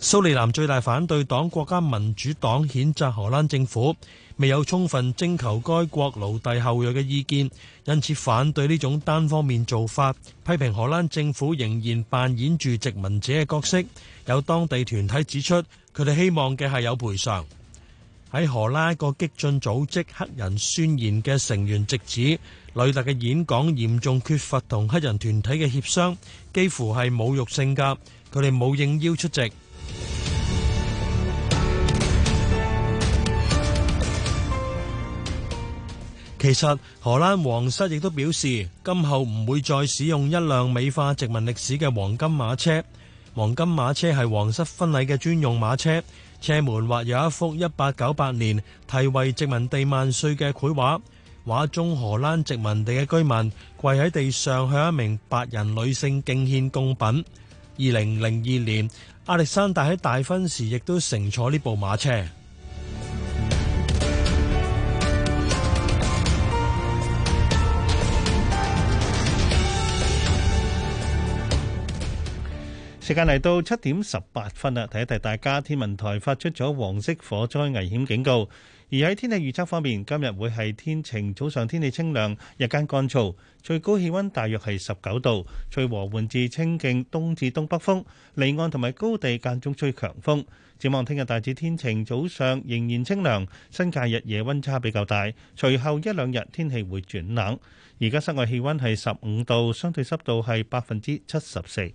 蘇利南最大反對黨國家民主黨譴責荷蘭政府，未有充分徵求該國奴隸後裔嘅意見，因此反對呢種單方面做法，批評荷蘭政府仍然扮演住殖民者嘅角色。有當地團體指出，佢哋希望嘅係有賠償。喺荷蘭一個激進組織黑人宣言嘅成員直指，呂特嘅演講嚴重缺乏同黑人團體嘅協商，幾乎係侮辱性格。佢哋冇應邀出席。其實荷蘭皇室亦都表示，今後唔會再使用一輛美化殖民歷史嘅黃金馬車。黃金馬車係皇室婚禮嘅專用馬車，車門畫有一幅一八九八年題為《殖民地萬歲》嘅繪畫，畫中荷蘭殖民地嘅居民跪喺地上向一名白人女性敬獻供品。二零零二年，亞歷山大喺大婚時亦都乘坐呢部馬車。時間嚟到七點十八分啦，提提大家，天文台發出咗黃色火災危險警告。而喺天氣預測方面，今日會係天晴，早上天氣清涼，日間乾燥，最高氣温大約係十九度，吹和緩至清勁東至東北風，離岸同埋高地間中吹強風。展望聽日大致天晴，早上仍然清涼，新界日夜温差比較大。隨後一兩日天氣會轉冷，而家室外氣温係十五度，相對濕度係百分之七十四。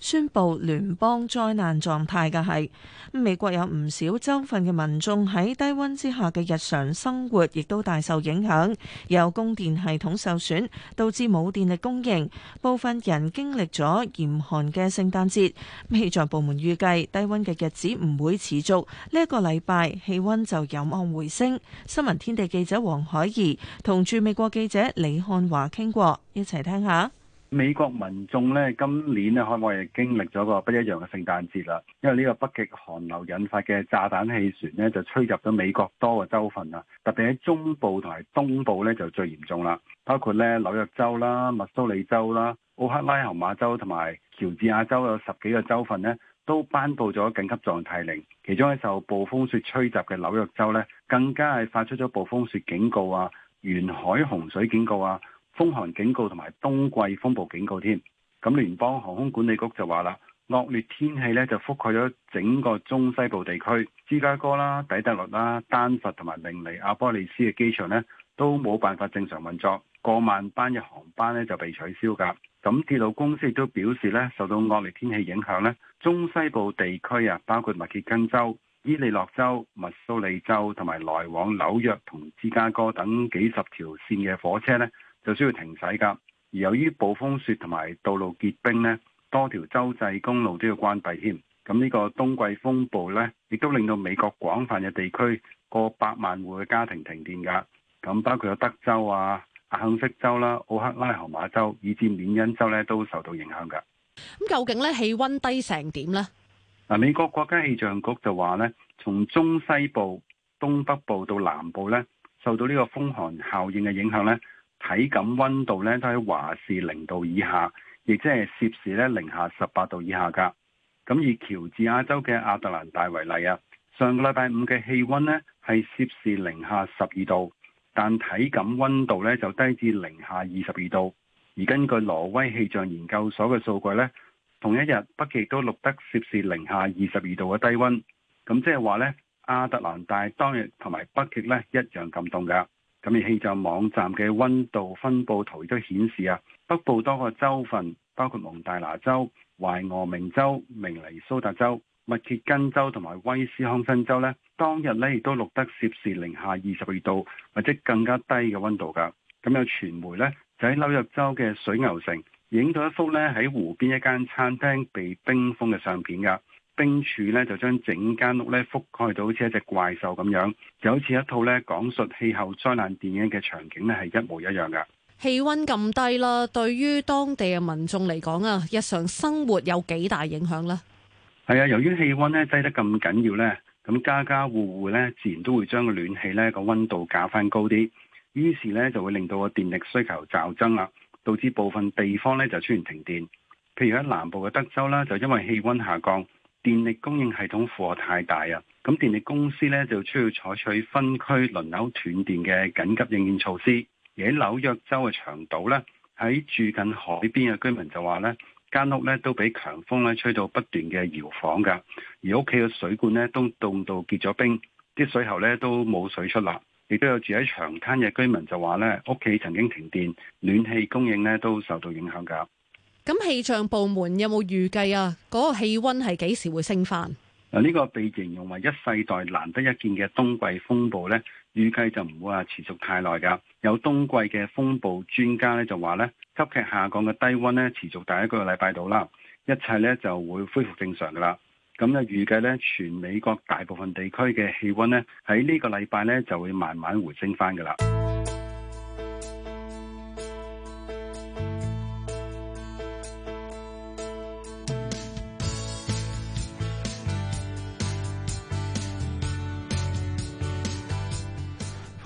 宣布聯邦災難狀態嘅係美國有唔少州份嘅民眾喺低溫之下嘅日常生活亦都大受影響，由供電系統受損，導致冇電力供應，部分人經歷咗嚴寒嘅聖誕節。氣象部門預計低溫嘅日子唔會持續，呢一個禮拜氣溫就有望回升。新聞天地記者黃海怡同駐美國記者李漢華傾過，一齊聽下。美國民眾咧今年咧可唔可以經歷咗個不一樣嘅聖誕節啦？因為呢個北極寒流引發嘅炸彈氣旋咧，就吹入咗美國多個州份啦。特別喺中部同埋東部咧就最嚴重啦。包括咧紐約州啦、密蘇里州啦、奧克拉荷馬州同埋喬治亞州有十幾個州份呢都頒布咗緊急狀態令。其中喺受暴風雪吹襲嘅紐約州咧，更加係發出咗暴風雪警告啊、沿海洪水警告啊。風寒警告同埋冬季風暴警告添，咁聯邦航空管理局就話啦，惡劣天氣呢就覆蓋咗整個中西部地區，芝加哥啦、底特律啦、丹佛同埋明尼阿波利斯嘅機場呢都冇辦法正常運作，過萬班嘅航班呢就被取消㗎。咁鐵路公司亦都表示呢，受到惡劣天氣影響呢，中西部地區啊，包括密歇根州、伊利諾州、密蘇里州同埋來往紐約同芝加哥等幾十條線嘅火車呢，就需要停駛噶，而由於暴風雪同埋道路結冰呢，多條州際公路都要關閉添。咁呢個冬季風暴呢，亦都令到美國廣泛嘅地區過百萬戶嘅家庭停電噶。咁包括有德州啊、阿肯色州啦、啊、奧克拉荷馬州，以至緬因州呢都受到影響噶。咁究竟呢，氣温低成點呢？嗱、啊，美國國家氣象局就話呢，從中西部、東北部到南部呢，受到呢個風寒效應嘅影響呢。體感溫度呢都喺華氏零度以下，亦即係攝氏呢零下十八度以下噶。咁以喬治亞州嘅亞特蘭大為例啊，上個禮拜五嘅氣溫呢係攝氏零下十二度，但體感溫度呢就低至零下二十二度。而根據挪威氣象研究所嘅數據呢，同一日北極都錄得攝氏零下二十二度嘅低溫。咁即係話呢，亞特蘭大當日同埋北極呢一樣咁凍噶。咁而氣象網站嘅溫度分佈圖亦都顯示啊，北部多個州份，包括蒙大拿州、懷俄明州、明尼蘇達州、密歇根州同埋威斯康辛州咧，當日咧亦都錄得攝氏零下二十二度或者更加低嘅溫度㗎。咁有傳媒咧，就喺紐約州嘅水牛城影到一幅咧喺湖邊一間餐廳被冰封嘅相片㗎。冰柱咧就將整間屋咧覆蓋到，好似一隻怪獸咁樣，就好似一套咧講述氣候災難電影嘅場景咧，係一模一樣嘅。氣溫咁低啦，對於當地嘅民眾嚟講啊，日常生活有幾大影響呢？係啊，由於氣溫咧低得咁緊要呢，咁家家戶戶咧自然都會將個暖氣咧個溫度校翻高啲，於是咧就會令到個電力需求驟增啦，導致部分地方咧就出現停電。譬如喺南部嘅德州啦，就因為氣溫下降。電力供應系統負荷太大啊！咁電力公司呢，就需要採取分區輪流斷電嘅緊急應變措施。而喺紐約州嘅長島呢，喺住近海邊嘅居民就話呢，間屋呢都俾強風咧吹到不斷嘅搖晃噶，而屋企嘅水管呢，都凍到，到結咗冰，啲水喉呢都冇水出啦。亦都有住喺長灘嘅居民就話呢，屋企曾經停電，暖氣供應呢都受到影響噶。咁氣象部門有冇預計啊？嗰個氣溫係幾時會升翻？嗱，呢個被形容為一世代難得一見嘅冬季風暴，呢預計就唔會話持續太耐噶。有冬季嘅風暴專家咧就話，呢急劇下降嘅低溫呢持續第一個禮拜度啦，一切呢就會恢復正常噶啦。咁咧預計呢，全美國大部分地區嘅氣溫呢喺呢個禮拜呢就會慢慢回升翻噶啦。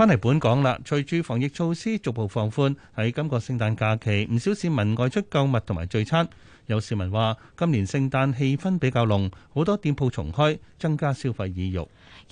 返嚟本港啦，隨住防疫措施逐步放寬，喺今個聖誕假期，唔少市民外出購物同埋聚餐。有市民話：今年聖誕氣氛比較濃，好多店鋪重開，增加消費意欲。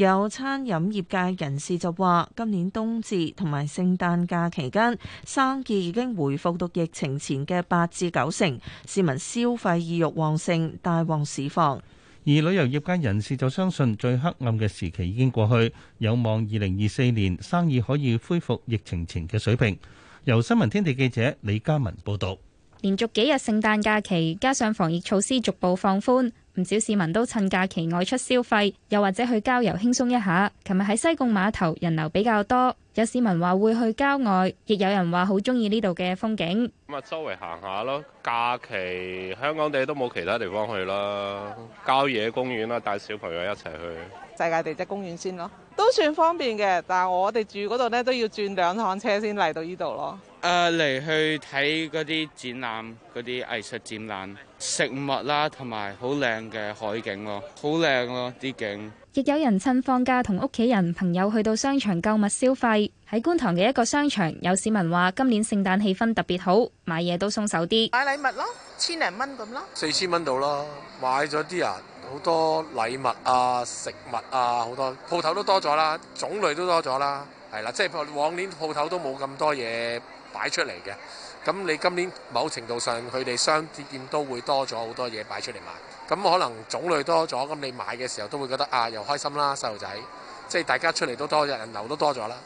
有餐飲業界人士就話：今年冬至同埋聖誕假期間，生意已經回復到疫情前嘅八至九成，市民消費意欲旺盛，大旺市況。而旅遊業界人士就相信最黑暗嘅時期已經過去，有望二零二四年生意可以恢復疫情前嘅水平。由新聞天地記者李嘉文報道。連續幾日聖誕假期，加上防疫措施逐步放寬，唔少市民都趁假期外出消費，又或者去郊遊輕鬆一下。琴日喺西貢碼頭人流比較多。有市民話會去郊外，亦有人話好中意呢度嘅風景。咁啊，周圍行下咯。假期香港地都冇其他地方去啦，郊野公園啦，帶小朋友一齊去世界地質公園先咯，都算方便嘅。但係我哋住嗰度咧，都要轉兩趟車先嚟到呢度咯。誒、呃，嚟去睇嗰啲展覽，嗰啲藝術展覽。食物啦、啊，同埋好靚嘅海景咯、啊，好靚咯啲景。亦有人趁放假同屋企人、朋友去到商場購物消費。喺觀塘嘅一個商場，有市民話今年聖誕氣氛特別好，買嘢都鬆手啲。買禮物咯，千零蚊咁咯，四千蚊度咯。買咗啲啊，好多禮物啊，食物啊，好多鋪頭都多咗啦，種類都多咗啦。係啦，即係往年鋪頭都冇咁多嘢擺出嚟嘅。咁你今年某程度上，佢哋商店都會多咗好多嘢擺出嚟賣。咁可能種類多咗，咁你買嘅時候都會覺得啊，又開心啦，細路仔，即係大家出嚟都多，人流都多咗啦。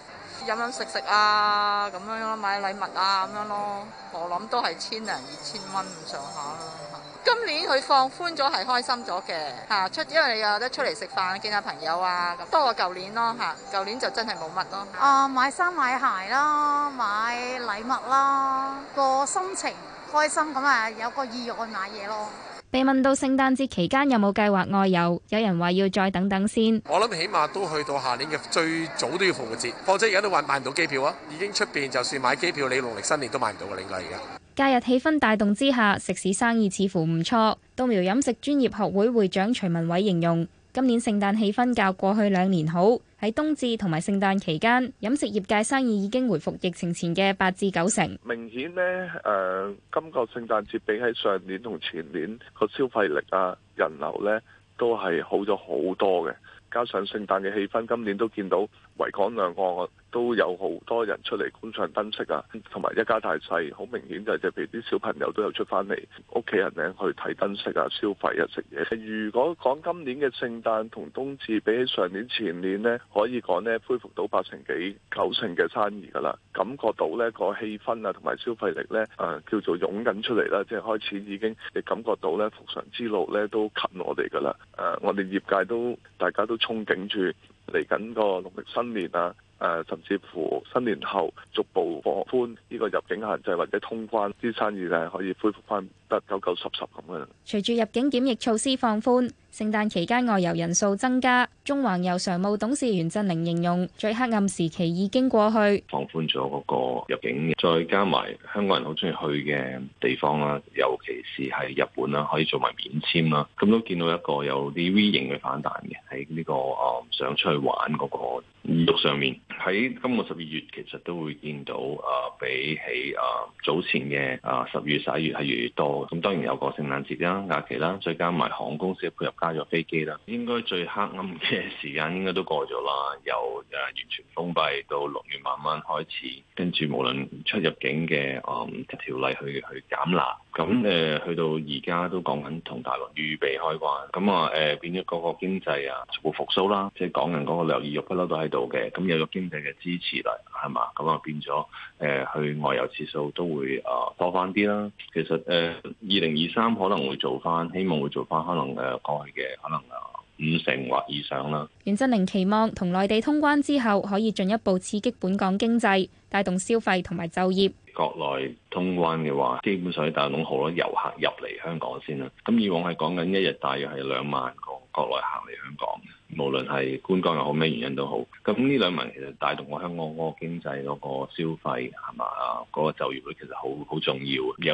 飲飲食食啊，咁樣咯，買禮物啊，咁樣咯。我諗都係千零二千蚊咁上下咯。今年佢放寬咗，係開心咗嘅嚇，出因為你又得出嚟食飯，見下朋友啊，咁多過舊年咯嚇，舊年就真係冇乜咯。啊、呃，買衫買鞋啦，買禮物啦，個心情開心咁啊，有個意欲去買嘢咯。被問到聖誕節期間有冇計劃外遊，有人話要再等等先。我諗起碼都去到下年嘅，最早都要復活節。況且而家都話買唔到機票啊，已經出邊，就算買機票，你農曆新年都買唔到㗎啦而家。假日氣氛帶動之下，食肆生意似乎唔錯。稻苗飲食專業學會會長徐文偉形容，今年聖誕氣氛較過去兩年好。喺冬至同埋聖誕期間，飲食業界生意已經回復疫情前嘅八至九成。明顯呢，誒、呃，今個聖誕節比喺上年同前年個消費力啊人流呢，都係好咗好多嘅。加上聖誕嘅氣氛，今年都見到維港兩岸，都有好多人出嚟觀賞燈飾啊，同埋一家大細，好明顯就係，譬如啲小朋友都有出翻嚟，屋企人咧去睇燈飾啊，消費啊，食嘢。如果講今年嘅聖誕同冬至，比起上年前年呢，可以講呢恢復到八成幾、九成嘅生意噶啦，感覺到呢個氣氛啊，同埋消費力呢，誒、啊、叫做湧緊出嚟啦，即係開始已經嘅感覺到呢，復常之路呢都近我哋噶啦。誒、啊，我哋業界都大家都憧憬住嚟緊個農曆新年啊！誒，甚至乎新年後逐步放寬呢個入境限制或者通關，啲生意咧，可以恢復翻得九九十十咁嘅。隨住入境檢疫措施放寬，聖誕期間外遊人數增加，中環由常務董事袁振寧形容最黑暗時期已經過去，放寬咗嗰個入境，再加埋香港人好中意去嘅地方啦，尤其是係日本啦，可以做埋免簽啦，咁都見到一個有啲 V 型嘅反彈嘅喺呢個誒想出去玩嗰個。意欲上面喺今個十二月，其實都會見到啊、呃，比起啊、呃、早前嘅啊十月、十一月係越嚟越多。咁當然有個聖誕節啦、假期啦，再加埋航空公司配合加咗飛機啦。應該最黑暗嘅時間應該都過咗啦，由誒、呃、完全封閉到六月慢慢開始，跟住無論出入境嘅誒、呃、條例去去減壓。咁誒、呃、去到而家都講緊同大陸預備開關。咁啊誒變咗個個經濟啊逐步復甦啦，即、就、係、是、港人嗰個旅遊意欲不嬲都喺。做嘅咁有個經濟嘅支持嚟，係嘛？咁啊變咗誒，去外遊次數都會啊多翻啲啦。其實誒，二零二三可能會做翻，希望會做翻，可能誒過去嘅可能啊五成或以上啦。袁振寧期望同內地通關之後，可以進一步刺激本港經濟，帶動消費同埋就業。國內通關嘅話，基本上要帶動好多遊客入嚟香港先啦。咁以往係講緊一日大約係兩萬個國內行嚟香港。無論係觀光又好，咩原因都好，咁呢兩文其實帶動我香港嗰個經濟、嗰個消費係嘛？啊嗰個就業率其實好好重要，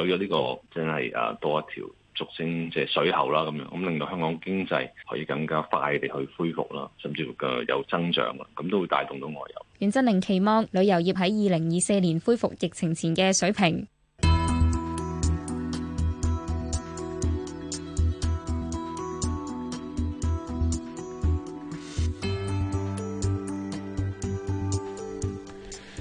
有咗呢個真係啊多一條逐星，即係水喉啦咁樣，咁令到香港經濟可以更加快地去恢復啦，甚至乎更加有增長啊，咁都會帶動到外遊。袁振寧期望旅遊業喺二零二四年恢復疫情前嘅水平。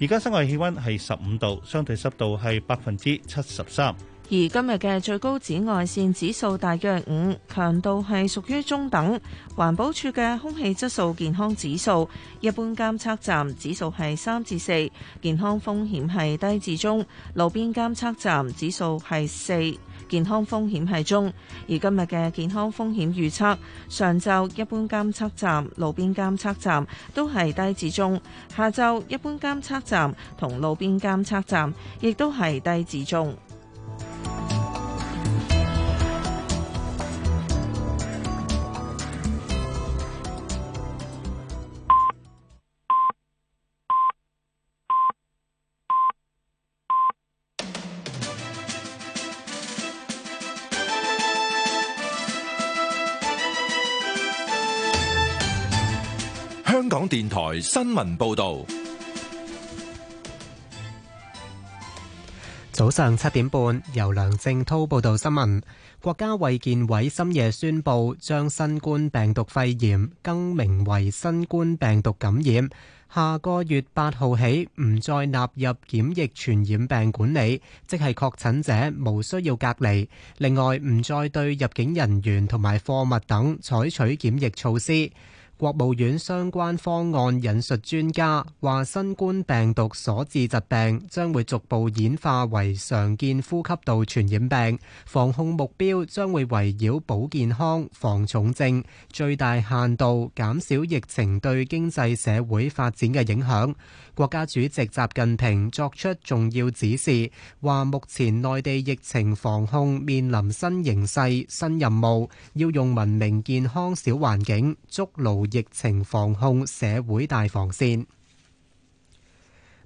而家室外氣溫係十五度，相對濕度係百分之七十三。而今日嘅最高紫外線指數大約五，強度係屬於中等。環保署嘅空氣質素健康指數，一般監測站指數係三至四，健康風險係低至中；路邊監測站指數係四。健康風險係中，而今日嘅健康風險預測，上晝一般監測站、路邊監測站都係低至中，下晝一般監測站同路邊監測站亦都係低至中。香港電台新聞報道，早上七點半由梁正濤報道新聞。國家衛健委深夜宣布，將新冠病毒肺炎更名為新冠病毒感染，下個月八號起唔再納入檢疫傳染病管理，即係確診者無需要隔離。另外，唔再對入境人員同埋貨物等採取檢疫措施。國務院相關方案引述專家話，新冠病毒所致疾病將會逐步演化為常見呼吸道傳染病，防控目標將會圍繞保健康、防重症，最大限度減少疫情對經濟社會發展嘅影響。國家主席習近平作出重要指示，話目前內地疫情防控面臨新形勢、新任務，要用文明健康小環境，築牢疫情防控社會大防線。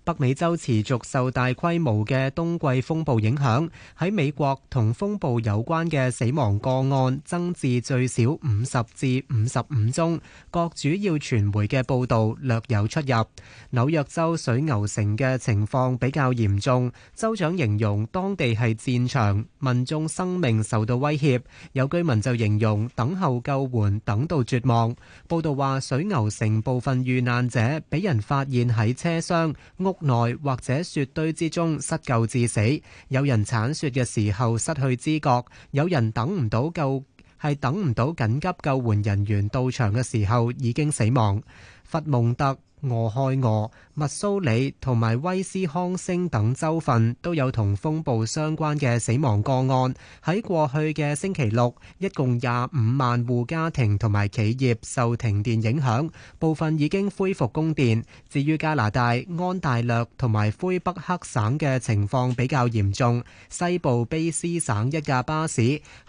北美洲持續受大規模嘅冬季風暴影響，喺美國同風暴有關嘅死亡個案增至最少五十至五十五宗，各主要傳媒嘅報導略有出入。紐約州水牛城嘅情況比較嚴重，州長形容當地係戰場，民眾生命受到威脅。有居民就形容等候救援等到絕望。報道話水牛城部分遇難者俾人發現喺車廂屋內或者雪堆之中失救致死，有人剷雪嘅時候失去知覺，有人等唔到救係等唔到緊急救援人員到場嘅時候已經死亡。佛蒙特俄亥俄、密蘇里同埋威斯康星等州份都有同風暴相關嘅死亡個案。喺過去嘅星期六，一共廿五萬戶家庭同埋企業受停電影響，部分已經恢復供電。至於加拿大安大略同埋魁北克省嘅情況比較嚴重，西部卑詩省一架巴士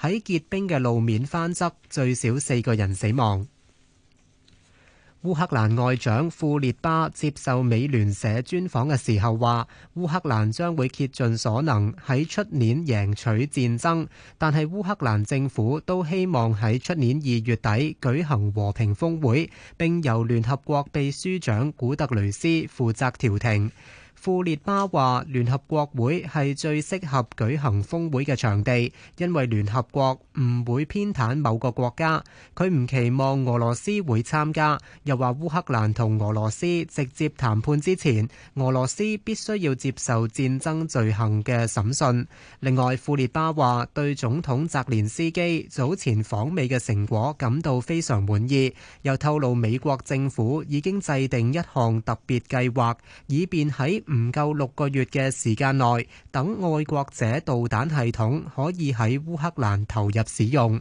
喺結冰嘅路面翻側，最少四個人死亡。烏克蘭外長庫列巴接受美聯社專訪嘅時候話，烏克蘭將會竭盡所能喺出年贏取戰爭，但係烏克蘭政府都希望喺出年二月底舉行和平峰會，並由聯合國秘書長古特雷斯負責調停。庫列巴話：聯合國會係最適合舉行峰會嘅場地，因為聯合國唔會偏袒某個國家。佢唔期望俄羅斯會參加，又話烏克蘭同俄羅斯直接談判之前，俄羅斯必須要接受戰爭罪行嘅審訊。另外，庫列巴話對總統澤連斯基早前訪美嘅成果感到非常滿意，又透露美國政府已經制定一項特別計劃，以便喺。唔夠六個月嘅時間內，等愛國者導彈系統可以喺烏克蘭投入使用。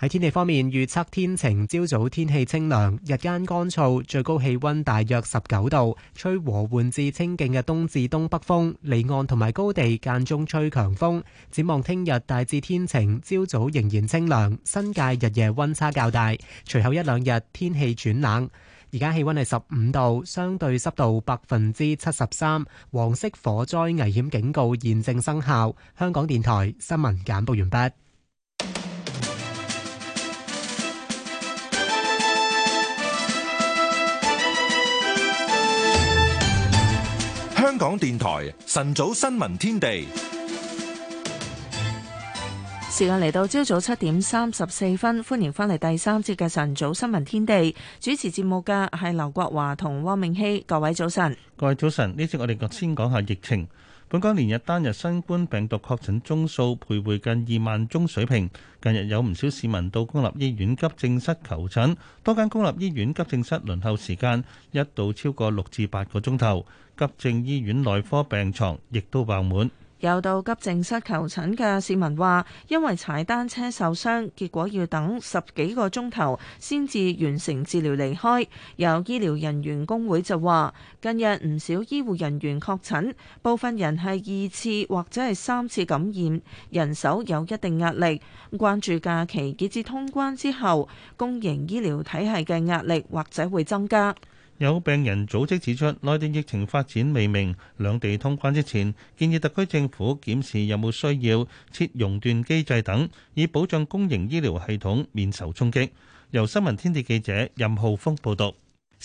喺天氣方面，預測天晴，朝早天氣清涼，日間乾燥，最高氣温大約十九度，吹和緩至清勁嘅東至東北風，離岸同埋高地間中吹強風。展望聽日大致天晴，朝早仍然清涼，新界日夜温差較大，隨後一兩日天氣轉冷。而家氣溫係十五度，相對濕度百分之七十三，黃色火災危險警告現正生效。香港電台新聞簡報完畢。香港電台晨早新聞天地。時間嚟到朝早七點三十四分，歡迎翻嚟第三節嘅晨早新聞天地。主持節目嘅係劉國華同汪明熙，各位早晨。各位早晨，呢節我哋先講下疫情。本港連日單日新冠病毒確診宗數徘徊近二萬宗水平，近日有唔少市民到公立醫院急症室求診，多間公立醫院急症室輪候時間一度超過六至八個鐘頭，急症醫院內科病床亦都爆滿。有到急症室求診嘅市民話，因為踩單車受傷，結果要等十幾個鐘頭先至完成治療離開。有醫療人員工會就話，近日唔少醫護人員確診，部分人係二次或者係三次感染，人手有一定壓力。關注假期截至通關之後，公營醫療體系嘅壓力或者會增加。有病人組織指出，內地疫情發展未明，兩地通關之前，建議特區政府檢視有冇需要設熔斷機制等，以保障公營醫療系統免受衝擊。由新聞天地記者任浩峰報道。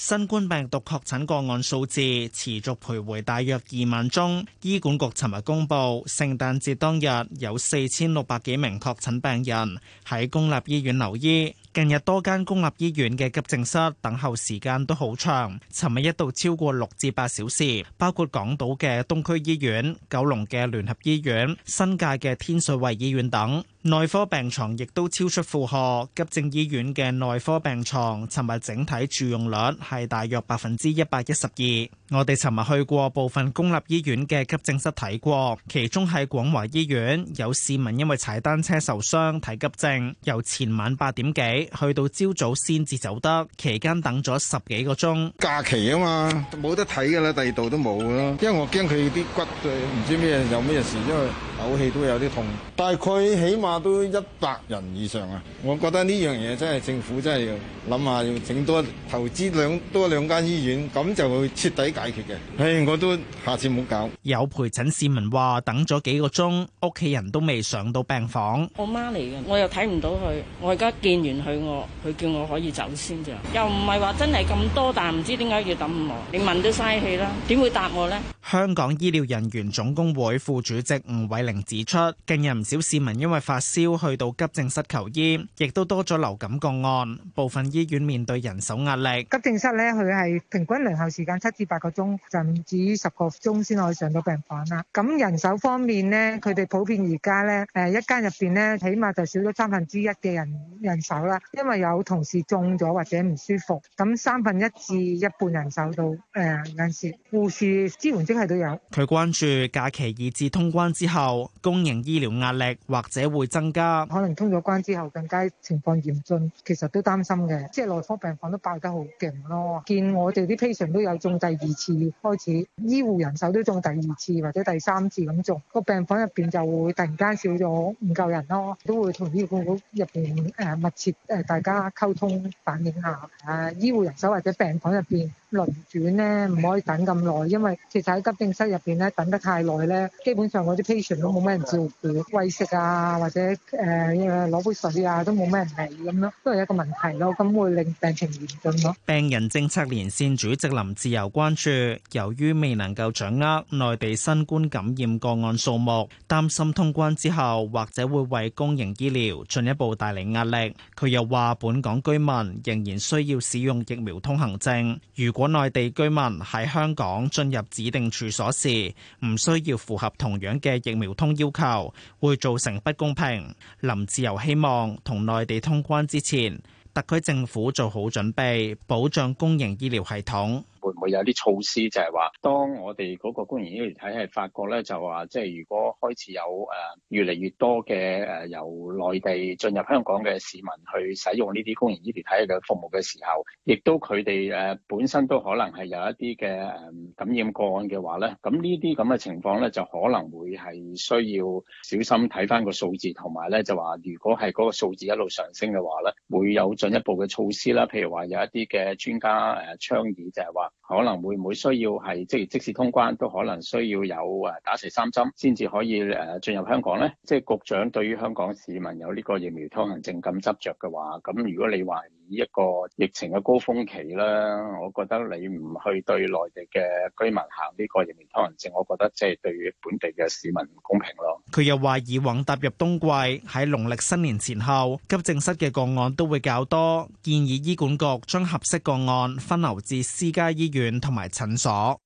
新冠病毒確診個案數字持續徘徊，大約二萬宗。醫管局尋日公布，聖誕節當日有四千六百幾名確診病人喺公立醫院留醫。近日多間公立醫院嘅急症室等候時間都好長，尋日一度超過六至八小時，包括港島嘅東區醫院、九龍嘅聯合醫院、新界嘅天水圍醫院等。內科病床亦都超出負荷，急症醫院嘅內科病床尋日整體住用率係大約百分之一百一十二。我哋尋日去過部分公立醫院嘅急症室睇過，其中係廣華醫院，有市民因為踩單車受傷睇急症，由前晚八點幾去到朝早先至走得，期間等咗十幾個鐘。假期啊嘛，冇得睇㗎喇，第二度都冇啦。因為我驚佢啲骨對唔知咩有咩事，因為口氣都有啲痛。大概起碼都一百人以上啊，我覺得呢樣嘢真係政府真係要諗下，要整多投資兩多兩間醫院，咁就會徹底解決嘅，唉，我都下次唔好搞。有陪診市民話：等咗幾個鐘，屋企人都未上到病房。我媽嚟嘅，我又睇唔到佢。我而家見完佢，我佢叫我可以走先啫。又唔係話真係咁多，但係唔知點解要等咁耐。你問都嘥氣啦，點會答我呢？香港醫療人員總工會副主席吳偉玲指出，近日唔少市民因為發燒去到急症室求醫，亦都多咗流感個案，部分醫院面對人手壓力。急症室呢，佢係平均輪候時間七至八個個鐘，甚至於十個鐘先可以上到病房啦。咁人手方面呢，佢哋普遍而家咧，誒一間入邊呢，起碼就少咗三分之一嘅人人手啦，因為有同事中咗或者唔舒服。咁三分一至一半人手度，有臨時護士支援職系都有。佢關注假期以至通關之後，公營醫療壓力或者會增加。可能通咗關之後更加情況嚴峻，其實都擔心嘅，即係內科病房都爆得好勁咯。見我哋啲 patient 都有中第二次開始，醫護人手都仲第二次或者第三次咁做。個病房入邊就會突然間少咗唔夠人咯，都會同醫護組入邊誒密切誒、呃、大家溝通反映下，誒、啊、醫護人手或者病房入邊。輪轉呢，唔可以等咁耐，因為其實喺急症室入邊呢，等得太耐呢，基本上我啲 patient 都冇咩人照顧，餵食啊或者誒、呃，攞杯水啊都冇咩人理咁樣，都係一個問題咯，咁會令病情嚴重咯。病人政策連線主席林志柔關注，由於未能夠掌握內地新冠感染個案數目，擔心通關之後或者會為公營醫療進一步帶嚟壓力。佢又話：本港居民仍然需要使用疫苗通行證，如。本內地居民喺香港進入指定處所時，唔需要符合同樣嘅疫苗通要求，會造成不公平。林志由希望同內地通關之前，特區政府做好準備，保障公營醫療系統。會唔會有啲措施，就係、是、話當我哋嗰個公營醫療體系發覺咧，就話即係如果開始有誒、呃、越嚟越多嘅誒、呃、由內地進入香港嘅市民去使用呢啲公營醫療體系嘅服務嘅時候，亦都佢哋誒本身都可能係有一啲嘅誒感染個案嘅話咧，咁呢啲咁嘅情況咧，就可能會係需要小心睇返個數字，同埋咧就話如果係嗰個數字一路上升嘅話咧，會有進一步嘅措施啦，譬如話有一啲嘅專家誒倡議，呃、就係話。可能會唔會需要係即即時通關都可能需要有誒打齊三針先至可以誒進入香港咧？即係局長對於香港市民有呢個疫苗通行證咁執着嘅話，咁如果你話呢一個疫情嘅高峰期啦，我覺得你唔去對內地嘅居民行呢個疫苗通行證，我覺得即係對本地嘅市民唔公平咯。佢又話：以往踏入冬季喺農曆新年前後，急症室嘅個案都會較多，建議醫管局將合適個案分流至私家醫院同埋診所。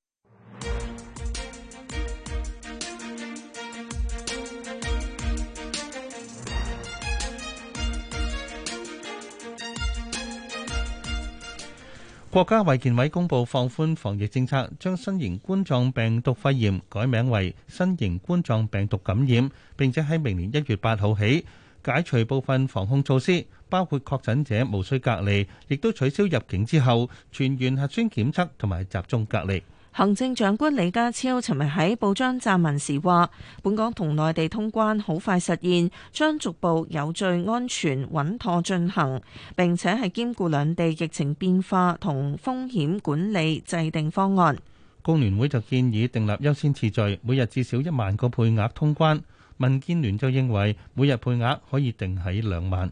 國家衛健委公布放寬防疫政策，將新型冠狀病毒肺炎改名為新型冠狀病毒感染，並且喺明年一月八號起解除部分防控措施，包括確診者無需隔離，亦都取消入境之後全員核酸檢測同埋集中隔離。行政長官李家超尋日喺報章撰文時話：本港同內地通關好快實現，將逐步有序、安全、穩妥進行。並且係兼顧兩地疫情變化同風險管理，制定方案。工聯會就建議訂立優先次序，每日至少一萬個配額通關。民建聯就認為每日配額可以定喺兩萬。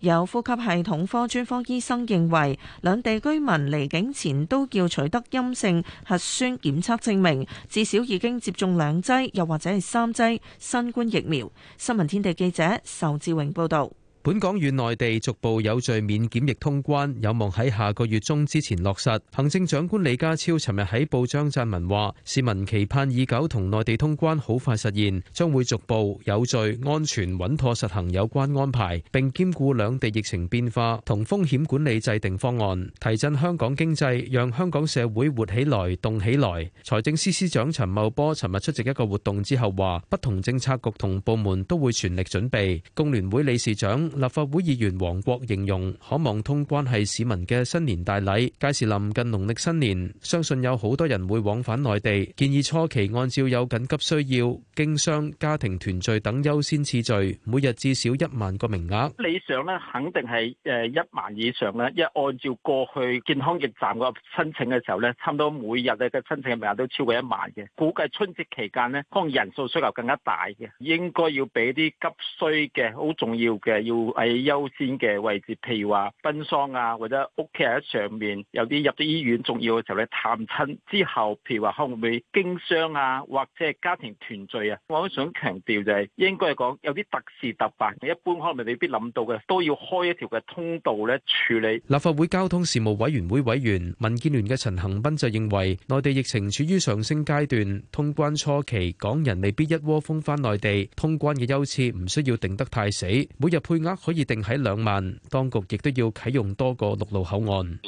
有呼吸系統科專科醫生認為，兩地居民離境前都要取得陰性核酸檢測證明，至少已經接種兩劑，又或者係三劑新冠疫苗。新聞天地記者仇志榮報導。本港與內地逐步有序免檢疫通關，有望喺下個月中之前落實。行政長官李家超尋日喺報章撰文話：市民期盼已久同內地通關好快實現，將會逐步有序、安全、穩妥實行有關安排，並兼顧兩地疫情變化同風險管理，制定方案，提振香港經濟，讓香港社會活起來、動起來。財政司司長陳茂波尋日出席一個活動之後話：不同政策局同部門都會全力準備。工聯會理事長立法會議員黃國形容，可望通關係市民嘅新年大禮。屆時臨近農曆新年，相信有好多人會往返內地。建議初期按照有緊急需要、經商、家庭團聚等優先次序，每日至少一萬個名額。理想咧，肯定係誒一萬以上咧，因為按照過去健康驛站個申請嘅時候咧，差唔多每日嘅申請嘅名額都超過一萬嘅。估計春節期間咧，可能人數需求更加大嘅，應該要俾啲急需嘅、好重要嘅要，喺優先嘅位置，譬如話奔喪啊，或者屋企人喺上面，有啲入咗醫院重要嘅時候咧探親之後，譬如話可能會經商啊，或者係家庭團聚啊，我都想強調就係應該係講有啲特事特辦，一般可能未必諗到嘅，都要開一條嘅通道咧處理。立法會交通事務委員會委員民建聯嘅陳恒鑌就認為，內地疫情處於上升階段，通關初期，港人未必一窩蜂翻內地，通關嘅優次唔需要定得太死，每日配額，可以定喺兩萬，當局亦都要啟用多個陸路口岸。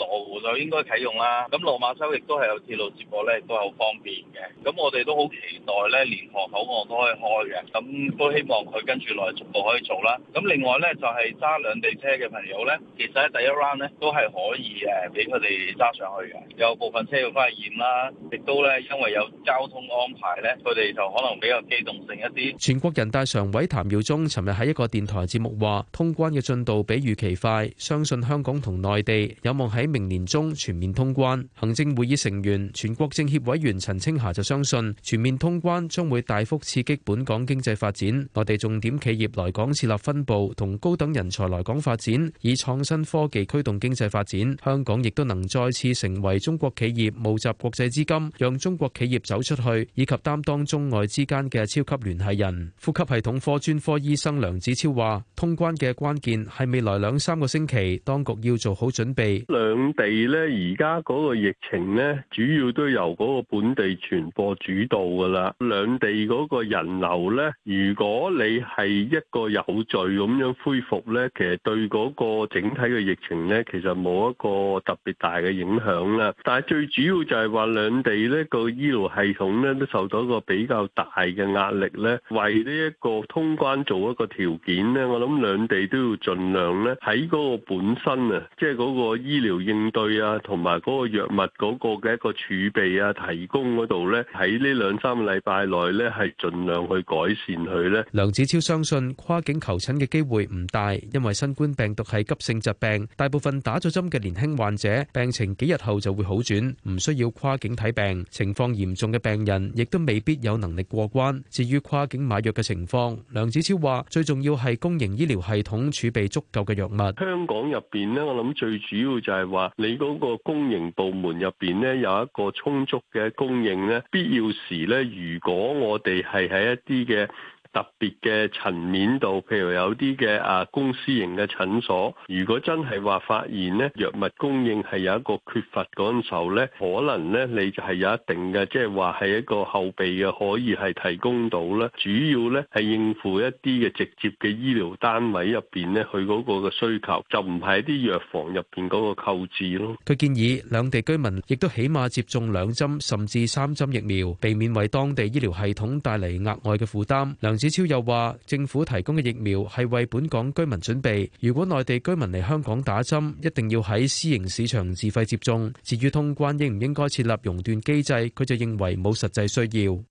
就應該啟用啦，咁落馬洲亦都係有鐵路接駁咧，亦都係好方便嘅。咁我哋都好期待咧，連河口岸都可以開嘅，咁都希望佢跟住落去逐步可以做啦。咁另外咧就係揸兩地車嘅朋友咧，其實喺第一 round 咧都係可以誒俾佢哋揸上去嘅。有部分車要翻去驗啦，亦都咧因為有交通安排咧，佢哋就可能比較機動性一啲。全國人大常委譚耀宗尋日喺一個電台節目話，通關嘅進度比預期快，相信香港同內地有望喺明年中全面通關，行政會議成員、全國政協委員陳清霞就相信全面通關將會大幅刺激本港經濟發展，內地重點企業來港設立分部同高等人才來港發展，以創新科技驅動經濟發展，香港亦都能再次成為中國企業募集國際資金、讓中國企業走出去以及擔當中外之間嘅超級聯繫人。呼吸系統科專科醫生梁子超話，通關嘅關鍵係未來兩三個星期，當局要做好準備，兩地。咧而家嗰個疫情咧，主要都由嗰個本地傳播主導噶啦。兩地嗰個人流咧，如果你係一個有序咁樣恢復咧，其實對嗰個整體嘅疫情咧，其實冇一個特別大嘅影響啦。但係最主要就係話兩地呢個醫療系統咧都受咗一個比較大嘅壓力咧，為呢一個通關做一個條件咧，我諗兩地都要盡量咧喺嗰個本身啊，即係嗰個醫療應對。啊，同埋嗰個藥物嗰個嘅一個儲備啊，提供嗰度咧，喺呢兩三個禮拜內咧，係盡量去改善佢咧。梁子超相信跨境求診嘅機會唔大，因為新冠病毒係急性疾病，大部分打咗針嘅年輕患者病情幾日後就會好轉，唔需要跨境睇病。情況嚴重嘅病人亦都未必有能力過關。至於跨境買藥嘅情況，梁子超話最重要係公營醫療系統儲備足夠嘅藥物。香港入邊咧，我諗最主要就係話你。嗰個供應部門入邊咧，有一個充足嘅供應咧，必要時咧，如果我哋係喺一啲嘅。特別嘅層面度，譬如有啲嘅啊公司型嘅診所，如果真係話發現咧藥物供應係有一個缺乏嗰陣時候咧，可能呢你就係有一定嘅，即係話係一個後備嘅，可以係提供到咧。主要呢係應付一啲嘅直接嘅醫療單位入邊呢，佢嗰個嘅需求就唔係啲藥房入邊嗰個購置咯。佢建議兩地居民亦都起碼接種兩針甚至三針疫苗，避免為當地醫療系統帶嚟額外嘅負擔。子超又話：政府提供嘅疫苗係為本港居民準備，如果內地居民嚟香港打針，一定要喺私營市場自費接種。至於通關應唔應該設立熔斷機制，佢就認為冇實際需要。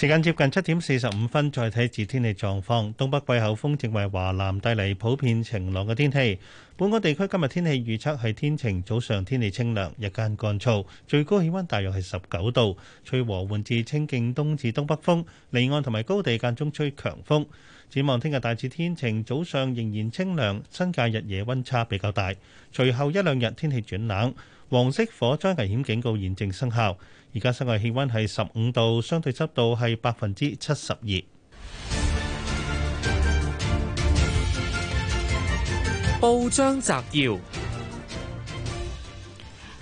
時間接近七點四十五分，再睇至天氣狀況。東北季候風正為華南帶嚟普遍晴朗嘅天氣。本港地區今日天，天氣預測係天晴，早上天氣清涼，日間乾燥，最高氣温大約係十九度，吹和緩至清勁東至東北風，離岸同埋高地間中吹強風。展望聽日大致天晴，早上仍然清涼，新界日夜温差比較大。隨後一兩日天氣轉冷，黃色火災危險警告現正生效。而家室外氣温係十五度，相對濕度係百分之七十二。報章摘要：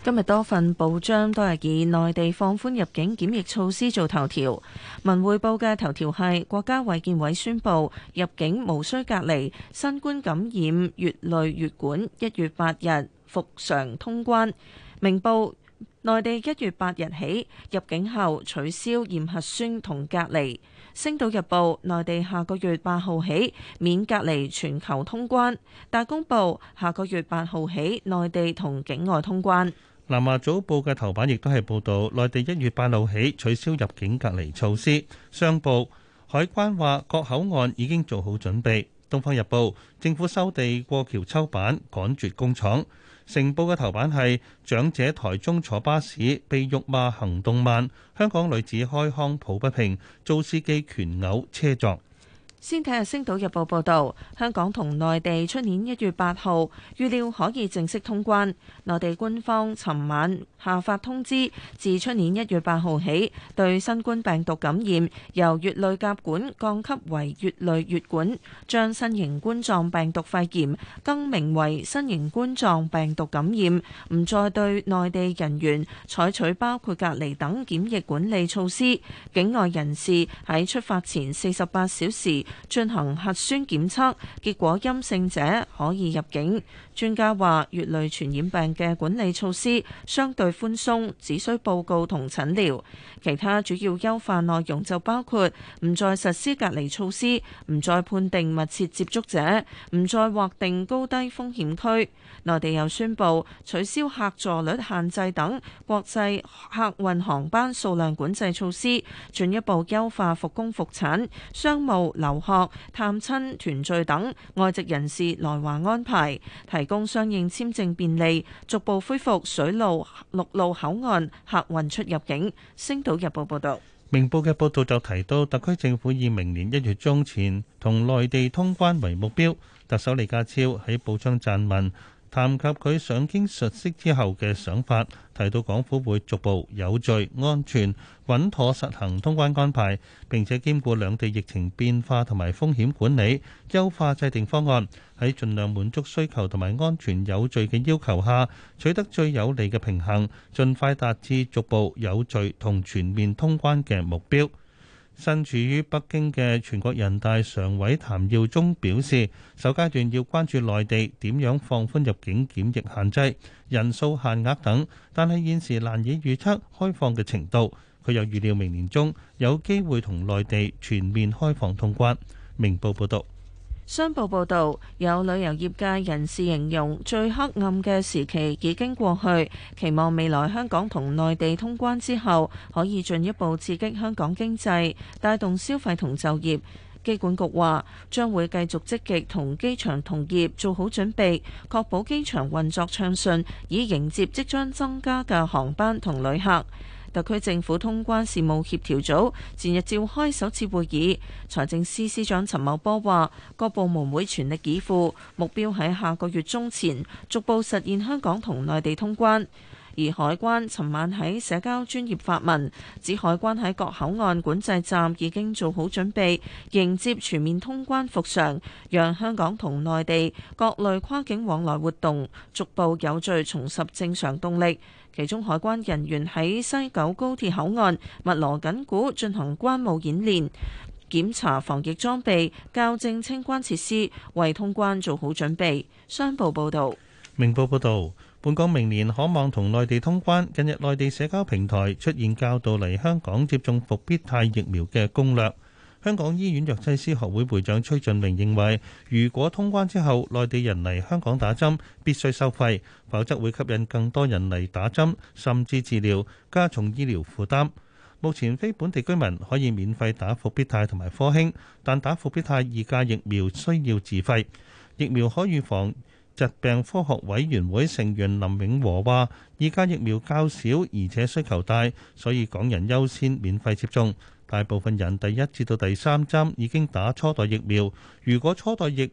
今日多份報章都係以內地放寬入境檢疫措施做頭條。文匯報嘅頭條係國家衛健委宣布入境無需隔離，新冠感染乙類乙管。一月八日復常通關。明報。內地一月八日起入境後取消驗核酸同隔離。星島日報：內地下個月八號起免隔離全球通關。大公報：下個月八號起內地同境外通關。南華早報嘅頭版亦都係報道內地一月八號起取消入境隔離措施。商報：海關話各口岸已經做好準備。東方日報：政府收地過橋抽板趕絕工廠。成報嘅頭版係長者台中坐巴士被辱罵行動慢，香港女子開腔抱不平遭司機拳毆車撞。先睇下《星島日報》報導，香港同內地出年一月八號預料可以正式通關。內地官方尋晚下發通知，自出年一月八號起，對新冠病毒感染由乙類甲管降級為乙類乙管，將新型冠狀病毒肺炎更名為新型冠狀病毒感染，唔再對內地人員採取包括隔離等檢疫管理措施。境外人士喺出發前四十八小時，進行核酸檢測，結果陰性者可以入境。專家話，乙類傳染病嘅管理措施相對寬鬆，只需報告同診療。其他主要優化內容就包括唔再實施隔離措施，唔再判定密切接觸者，唔再劃定高低風險區。內地又宣布取消客座率限制等國際客運航班數量管制措施，進一步優化復工復產、商務、留學、探親團聚等外籍人士來華安排。提提供相應簽證便利，逐步恢復水路、陸路口岸客運出入境。星島日報報道，明報嘅報道就提到，特區政府以明年一月中前同內地通關為目標。特首李家超喺報章撰文。談及佢上京述職之後嘅想法，提到港府會逐步有序、安全、穩妥實行通關安排，並且兼顧兩地疫情變化同埋風險管理，優化制定方案，喺盡量滿足需求同埋安全有序嘅要求下，取得最有利嘅平衡，盡快達至逐步有序同全面通關嘅目標。身處於北京嘅全國人大常委譚耀宗表示，首階段要關注內地點樣放寬入境檢疫限制、人數限額等，但係現時難以預測開放嘅程度。佢又預料明年中有機會同內地全面開放通關。明報報道。商報報導，有旅遊業界人士形容最黑暗嘅時期已經過去，期望未來香港同內地通關之後，可以進一步刺激香港經濟，帶動消費同就業。機管局話將會繼續積極同機場同業做好準備，確保機場運作暢順，以迎接即將增加嘅航班同旅客。特區政府通關事務協調組前日召開首次會議，財政司司長陳茂波話：各部門會全力以赴，目標喺下個月中前逐步實現香港同內地通關。而海關尋晚喺社交專業發文，指海關喺各口岸管制站已經做好準備，迎接全面通關復常，讓香港同內地各類跨境往來活動逐步有序重拾正常動力。其中，海關人員喺西九高鐵口岸，密鑼緊鼓進行關務演練、檢查防疫裝備、校正清關設施，為通關做好準備。商報報道。明報報導。本港明年可望同內地通關，近日內地社交平台出現較多嚟香港接種復必泰疫苗嘅攻略。香港醫院藥劑師學會會長崔俊明認為，如果通關之後內地人嚟香港打針必須收費，否則會吸引更多人嚟打針甚至治療，加重醫療負擔。目前非本地居民可以免費打復必泰同埋科興，但打復必泰二價疫苗需要自費。疫苗可預防疾病科學委員會成員林永和話：依家疫苗較少，而且需求大，所以港人優先免費接種。大部分人第一至到第三針已經打初代疫苗。如果初代疫，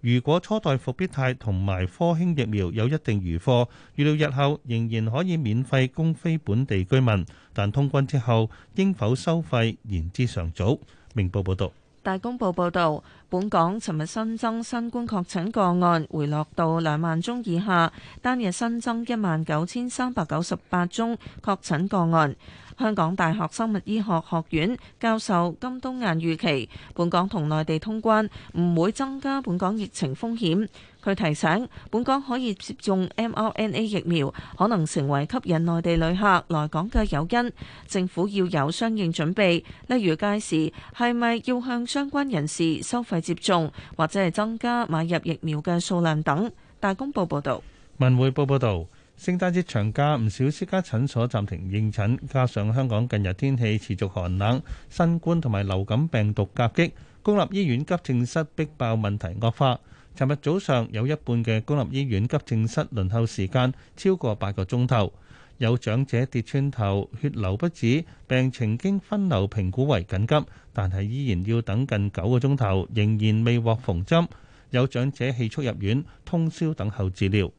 如果初代復必泰同埋科興疫苗有一定餘貨，預料日後仍然可以免費供非本地居民。但通關之後，應否收費，言之尚早。明報報道。大公報報導，本港尋日新增新冠確診個案回落到兩萬宗以下，單日新增一萬九千三百九十八宗確診個案。香港大學生物醫學學院教授金冬雁預期，本港同內地通關，唔會增加本港疫情風險。佢提醒，本港可以接種 mRNA 疫苗，可能成為吸引內地旅客來港嘅誘因。政府要有相應準備，例如屆時係咪要向相關人士收費接種，或者係增加買入疫苗嘅數量等。大公報報導，文匯報報導，聖誕節長假唔少私家診所暫停應診，加上香港近日天氣持續寒冷，新冠同埋流感病毒夾擊，公立醫院急症室逼爆問題惡化。尋日早上有一半嘅公立醫院急症室輪候時間超過八個鐘頭，有長者跌穿頭血流不止，病情經分流評估為緊急，但係依然要等近九個鐘頭，仍然未獲縫針。有長者氣促入院，通宵等候治療。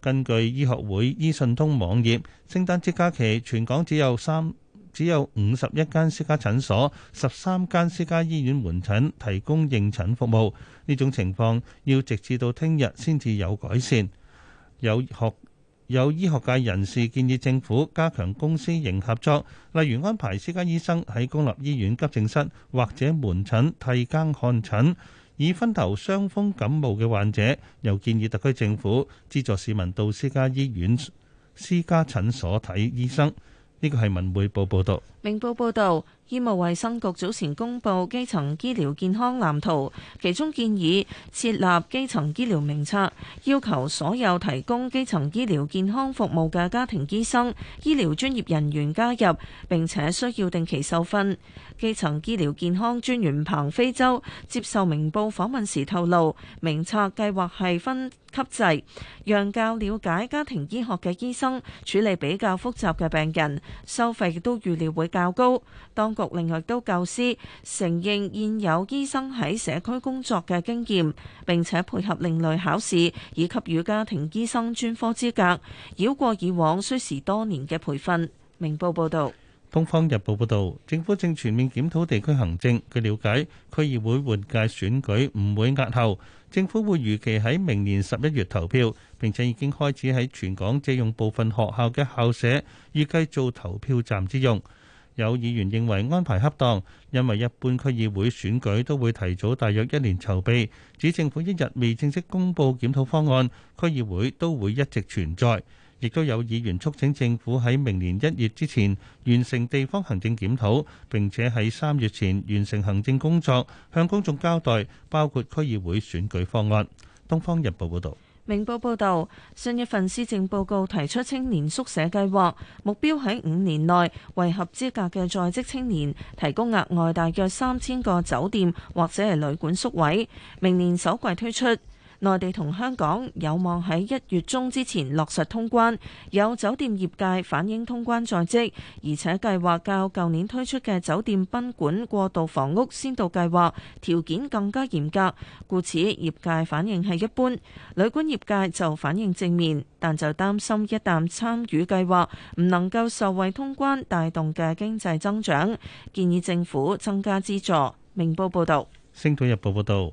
根據醫學會醫訊通網頁，聖誕節假期全港只有三只有五十一間私家診所、十三間私家醫院門診提供應診服務，呢種情況要直至到聽日先至有改善。有學有醫學界人士建議政府加強公私營合作，例如安排私家醫生喺公立醫院急症室或者門診替更看診，以分頭傷風感冒嘅患者。又建議特區政府資助市民到私家醫院、私家診所睇醫生。呢個係文匯報報道，明報報道。醫務衛生局早前公布基層醫療健康藍圖，其中建議設立基層醫療名冊，要求所有提供基層醫療健康服務嘅家庭醫生、醫療專業人員加入，並且需要定期受訓。基層醫療健康專員彭飛舟接受明報訪問時透露，名冊計劃係分級制，讓較了解家庭醫學嘅醫生處理比較複雜嘅病人，收費亦都預料會較高。當局另外都教師承認現有醫生喺社區工作嘅經驗，並且配合另類考試，以給予家庭醫生專科資格，繞過以往需時多年嘅培訓。明報報導，《東方日報》報導，政府正全面檢討地區行政。據了解，區議會換屆選舉唔會押後，政府會預期喺明年十一月投票，並且已經開始喺全港借用部分學校嘅校舍，預計做投票站之用。有議員認為安排恰當，因為一般區議會選舉都會提早大約一年籌備，指政府一日未正式公布檢討方案，區議會都會一直存在。亦都有議員促請政府喺明年一月之前完成地方行政檢討，並且喺三月前完成行政工作，向公眾交代，包括區議會選舉方案。《東方日報》報道。明報報導，上一份施政報告提出青年宿舍計劃，目標喺五年內為合資格嘅在職青年提供額外大約三千個酒店或者係旅館宿位，明年首季推出。內地同香港有望喺一月中之前落實通關，有酒店業界反映通關在即，而且計劃較舊年推出嘅酒店賓館過渡房屋先導計劃條件更加嚴格，故此業界反應係一般。旅館業界就反應正面，但就擔心一旦參與計劃，唔能夠受惠通關帶動嘅經濟增長，建議政府增加資助。明報報道。《星島日報》報道。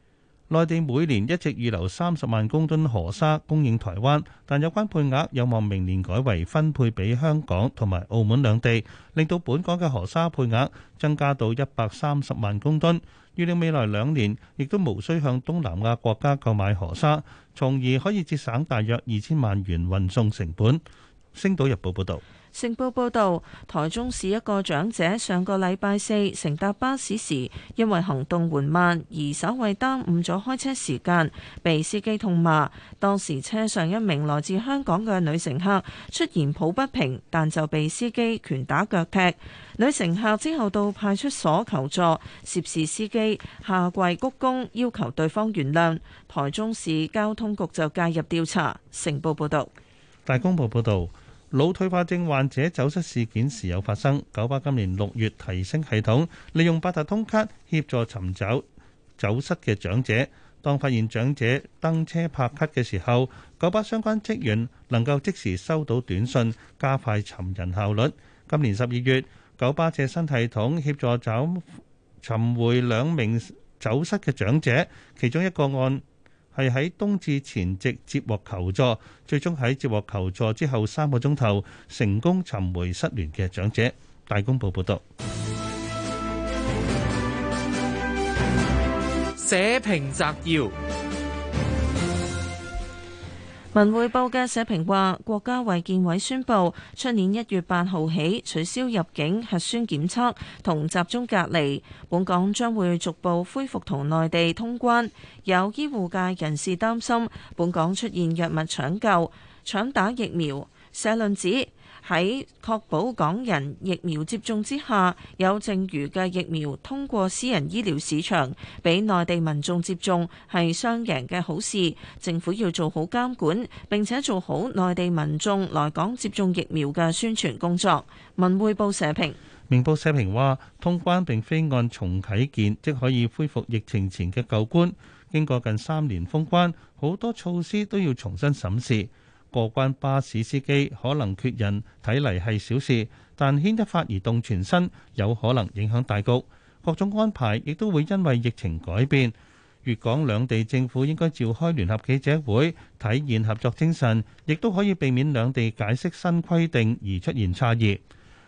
內地每年一直預留三十萬公噸河沙供應台灣，但有關配額有望明年改為分配俾香港同埋澳門兩地，令到本港嘅河沙配額增加到一百三十萬公噸。預料未來兩年亦都無需向東南亞國家購買河沙，從而可以節省大約二千萬元運送成本。星島日報報道。成報報道，台中市一個長者上個禮拜四乘搭巴士時，因為行動緩慢而稍微耽誤咗開車時間，被司機痛罵。當時車上一名來自香港嘅女乘客出言抱不平，但就被司機拳打腳踢。女乘客之後到派出所求助，涉事司機下跪鞠躬要求對方原諒。台中市交通局就介入調查。成報報道。大公報報道。腦退化症患者走失事件時有發生，九巴今年六月提升系統，利用八達通卡協助尋找走、走失嘅長者。當發現長者登車拍卡嘅時候，九巴相關職員能夠即時收到短信，加快尋人效率。今年十二月，九巴借新系統協助找尋回兩名走失嘅長者，其中一個案。係喺冬至前夕接獲求助，最終喺接獲求助之後三個鐘頭成功尋回失聯嘅長者。大公報報道。社評摘要。文匯報嘅社評話，國家衛健委宣布，出年一月八號起取消入境核酸檢測同集中隔離，本港將會逐步恢復同內地通關。有醫護界人士擔心，本港出現藥物搶救、搶打疫苗，社論指：喺確保港人疫苗接種之下，有剩餘嘅疫苗通過私人醫療市場俾內地民眾接種，係雙贏嘅好事。政府要做好監管，並且做好內地民眾來港接種疫苗嘅宣傳工作。文匯報社評，明報社評話，通關並非按重啟鍵即可以恢復疫情前嘅舊觀。經過近三年封關，好多措施都要重新審視。過關巴士司機可能缺人，睇嚟係小事，但牽一髮而動全身，有可能影響大局。各種安排亦都會因為疫情改變。粵港兩地政府應該召開聯合記者會，體現合作精神，亦都可以避免兩地解釋新規定而出現差異。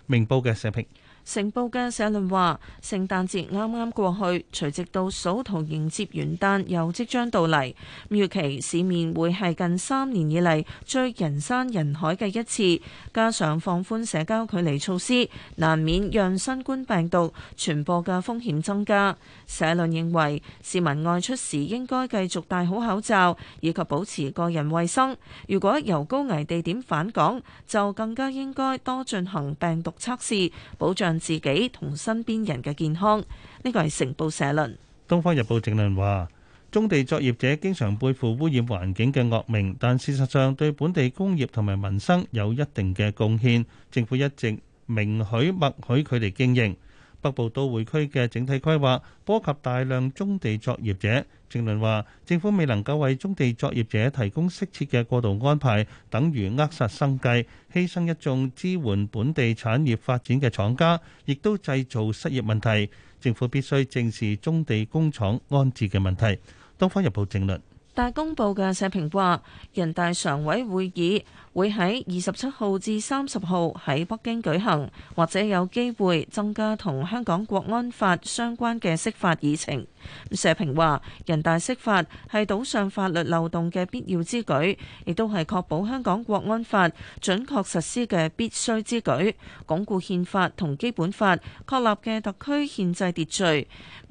明報嘅社評。成報嘅社論話：聖誕節啱啱過去，隨即到數圖迎接元旦又即將到嚟，預期市面會係近三年以嚟最人山人海嘅一次。加上放寬社交距離措施，難免讓新冠病毒傳播嘅風險增加。社論認為市民外出時應該繼續戴好口罩，以及保持個人衛生。如果由高危地點返港，就更加應該多進行病毒測試，保障自己同身邊人嘅健康，呢個係成報社論。東方日報正論話，中地作業者經常背負污染環境嘅惡名，但事實上對本地工業同埋民生有一定嘅貢獻。政府一直明許默許佢哋經營。北部都會區嘅整體規劃波及大量棕地作業者，正論話政府未能夠為棕地作業者提供適切嘅過渡安排，等於扼殺生計，犧牲一眾支援本地產業發展嘅廠家，亦都製造失業問題。政府必須正視棕地工廠安置嘅問題。東方日報正論。大公報嘅社評話人大常委會議會喺二十七號至三十號喺北京舉行，或者有機會增加同香港國安法相關嘅釋法議程。社評話人大釋法係堵上法律漏洞嘅必要之舉，亦都係確保香港國安法準確實施嘅必須之舉，鞏固憲法同基本法，確立嘅特區憲制秩序，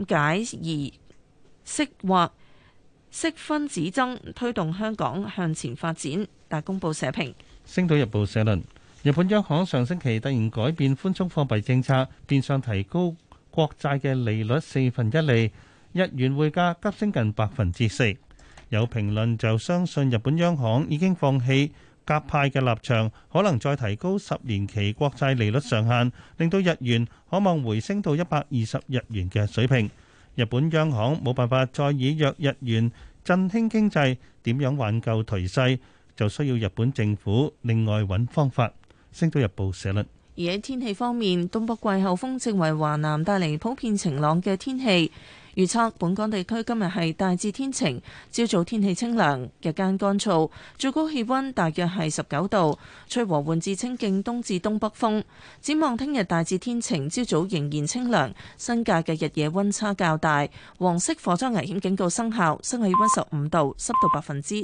解疑釋惑。息分止增，推動香港向前發展。大公報社評。《星島日報》社論：日本央行上星期突然改變寬鬆貨幣政策，變相提高國債嘅利率四分一釐，日元匯價急升近百分之四。有評論就相信日本央行已經放棄鴿派嘅立場，可能再提高十年期國債利率上限，令到日元可望回升到一百二十日元嘅水平。日本央行冇辦法再以弱日元振興經濟，點樣挽救頹勢就需要日本政府另外揾方法。星島日報社論。而喺天氣方面，東北季候風正為華南帶嚟普遍晴朗嘅天氣。預測本港地區今日係大致天晴，朝早天氣清涼，日間乾燥，最高氣溫大約係十九度，吹和緩至清勁東至東北風。展望聽日大致天晴，朝早仍然清涼，新界嘅日夜温差較大。黃色火災危險警告生效，室外氣溫十五度，濕度百分之。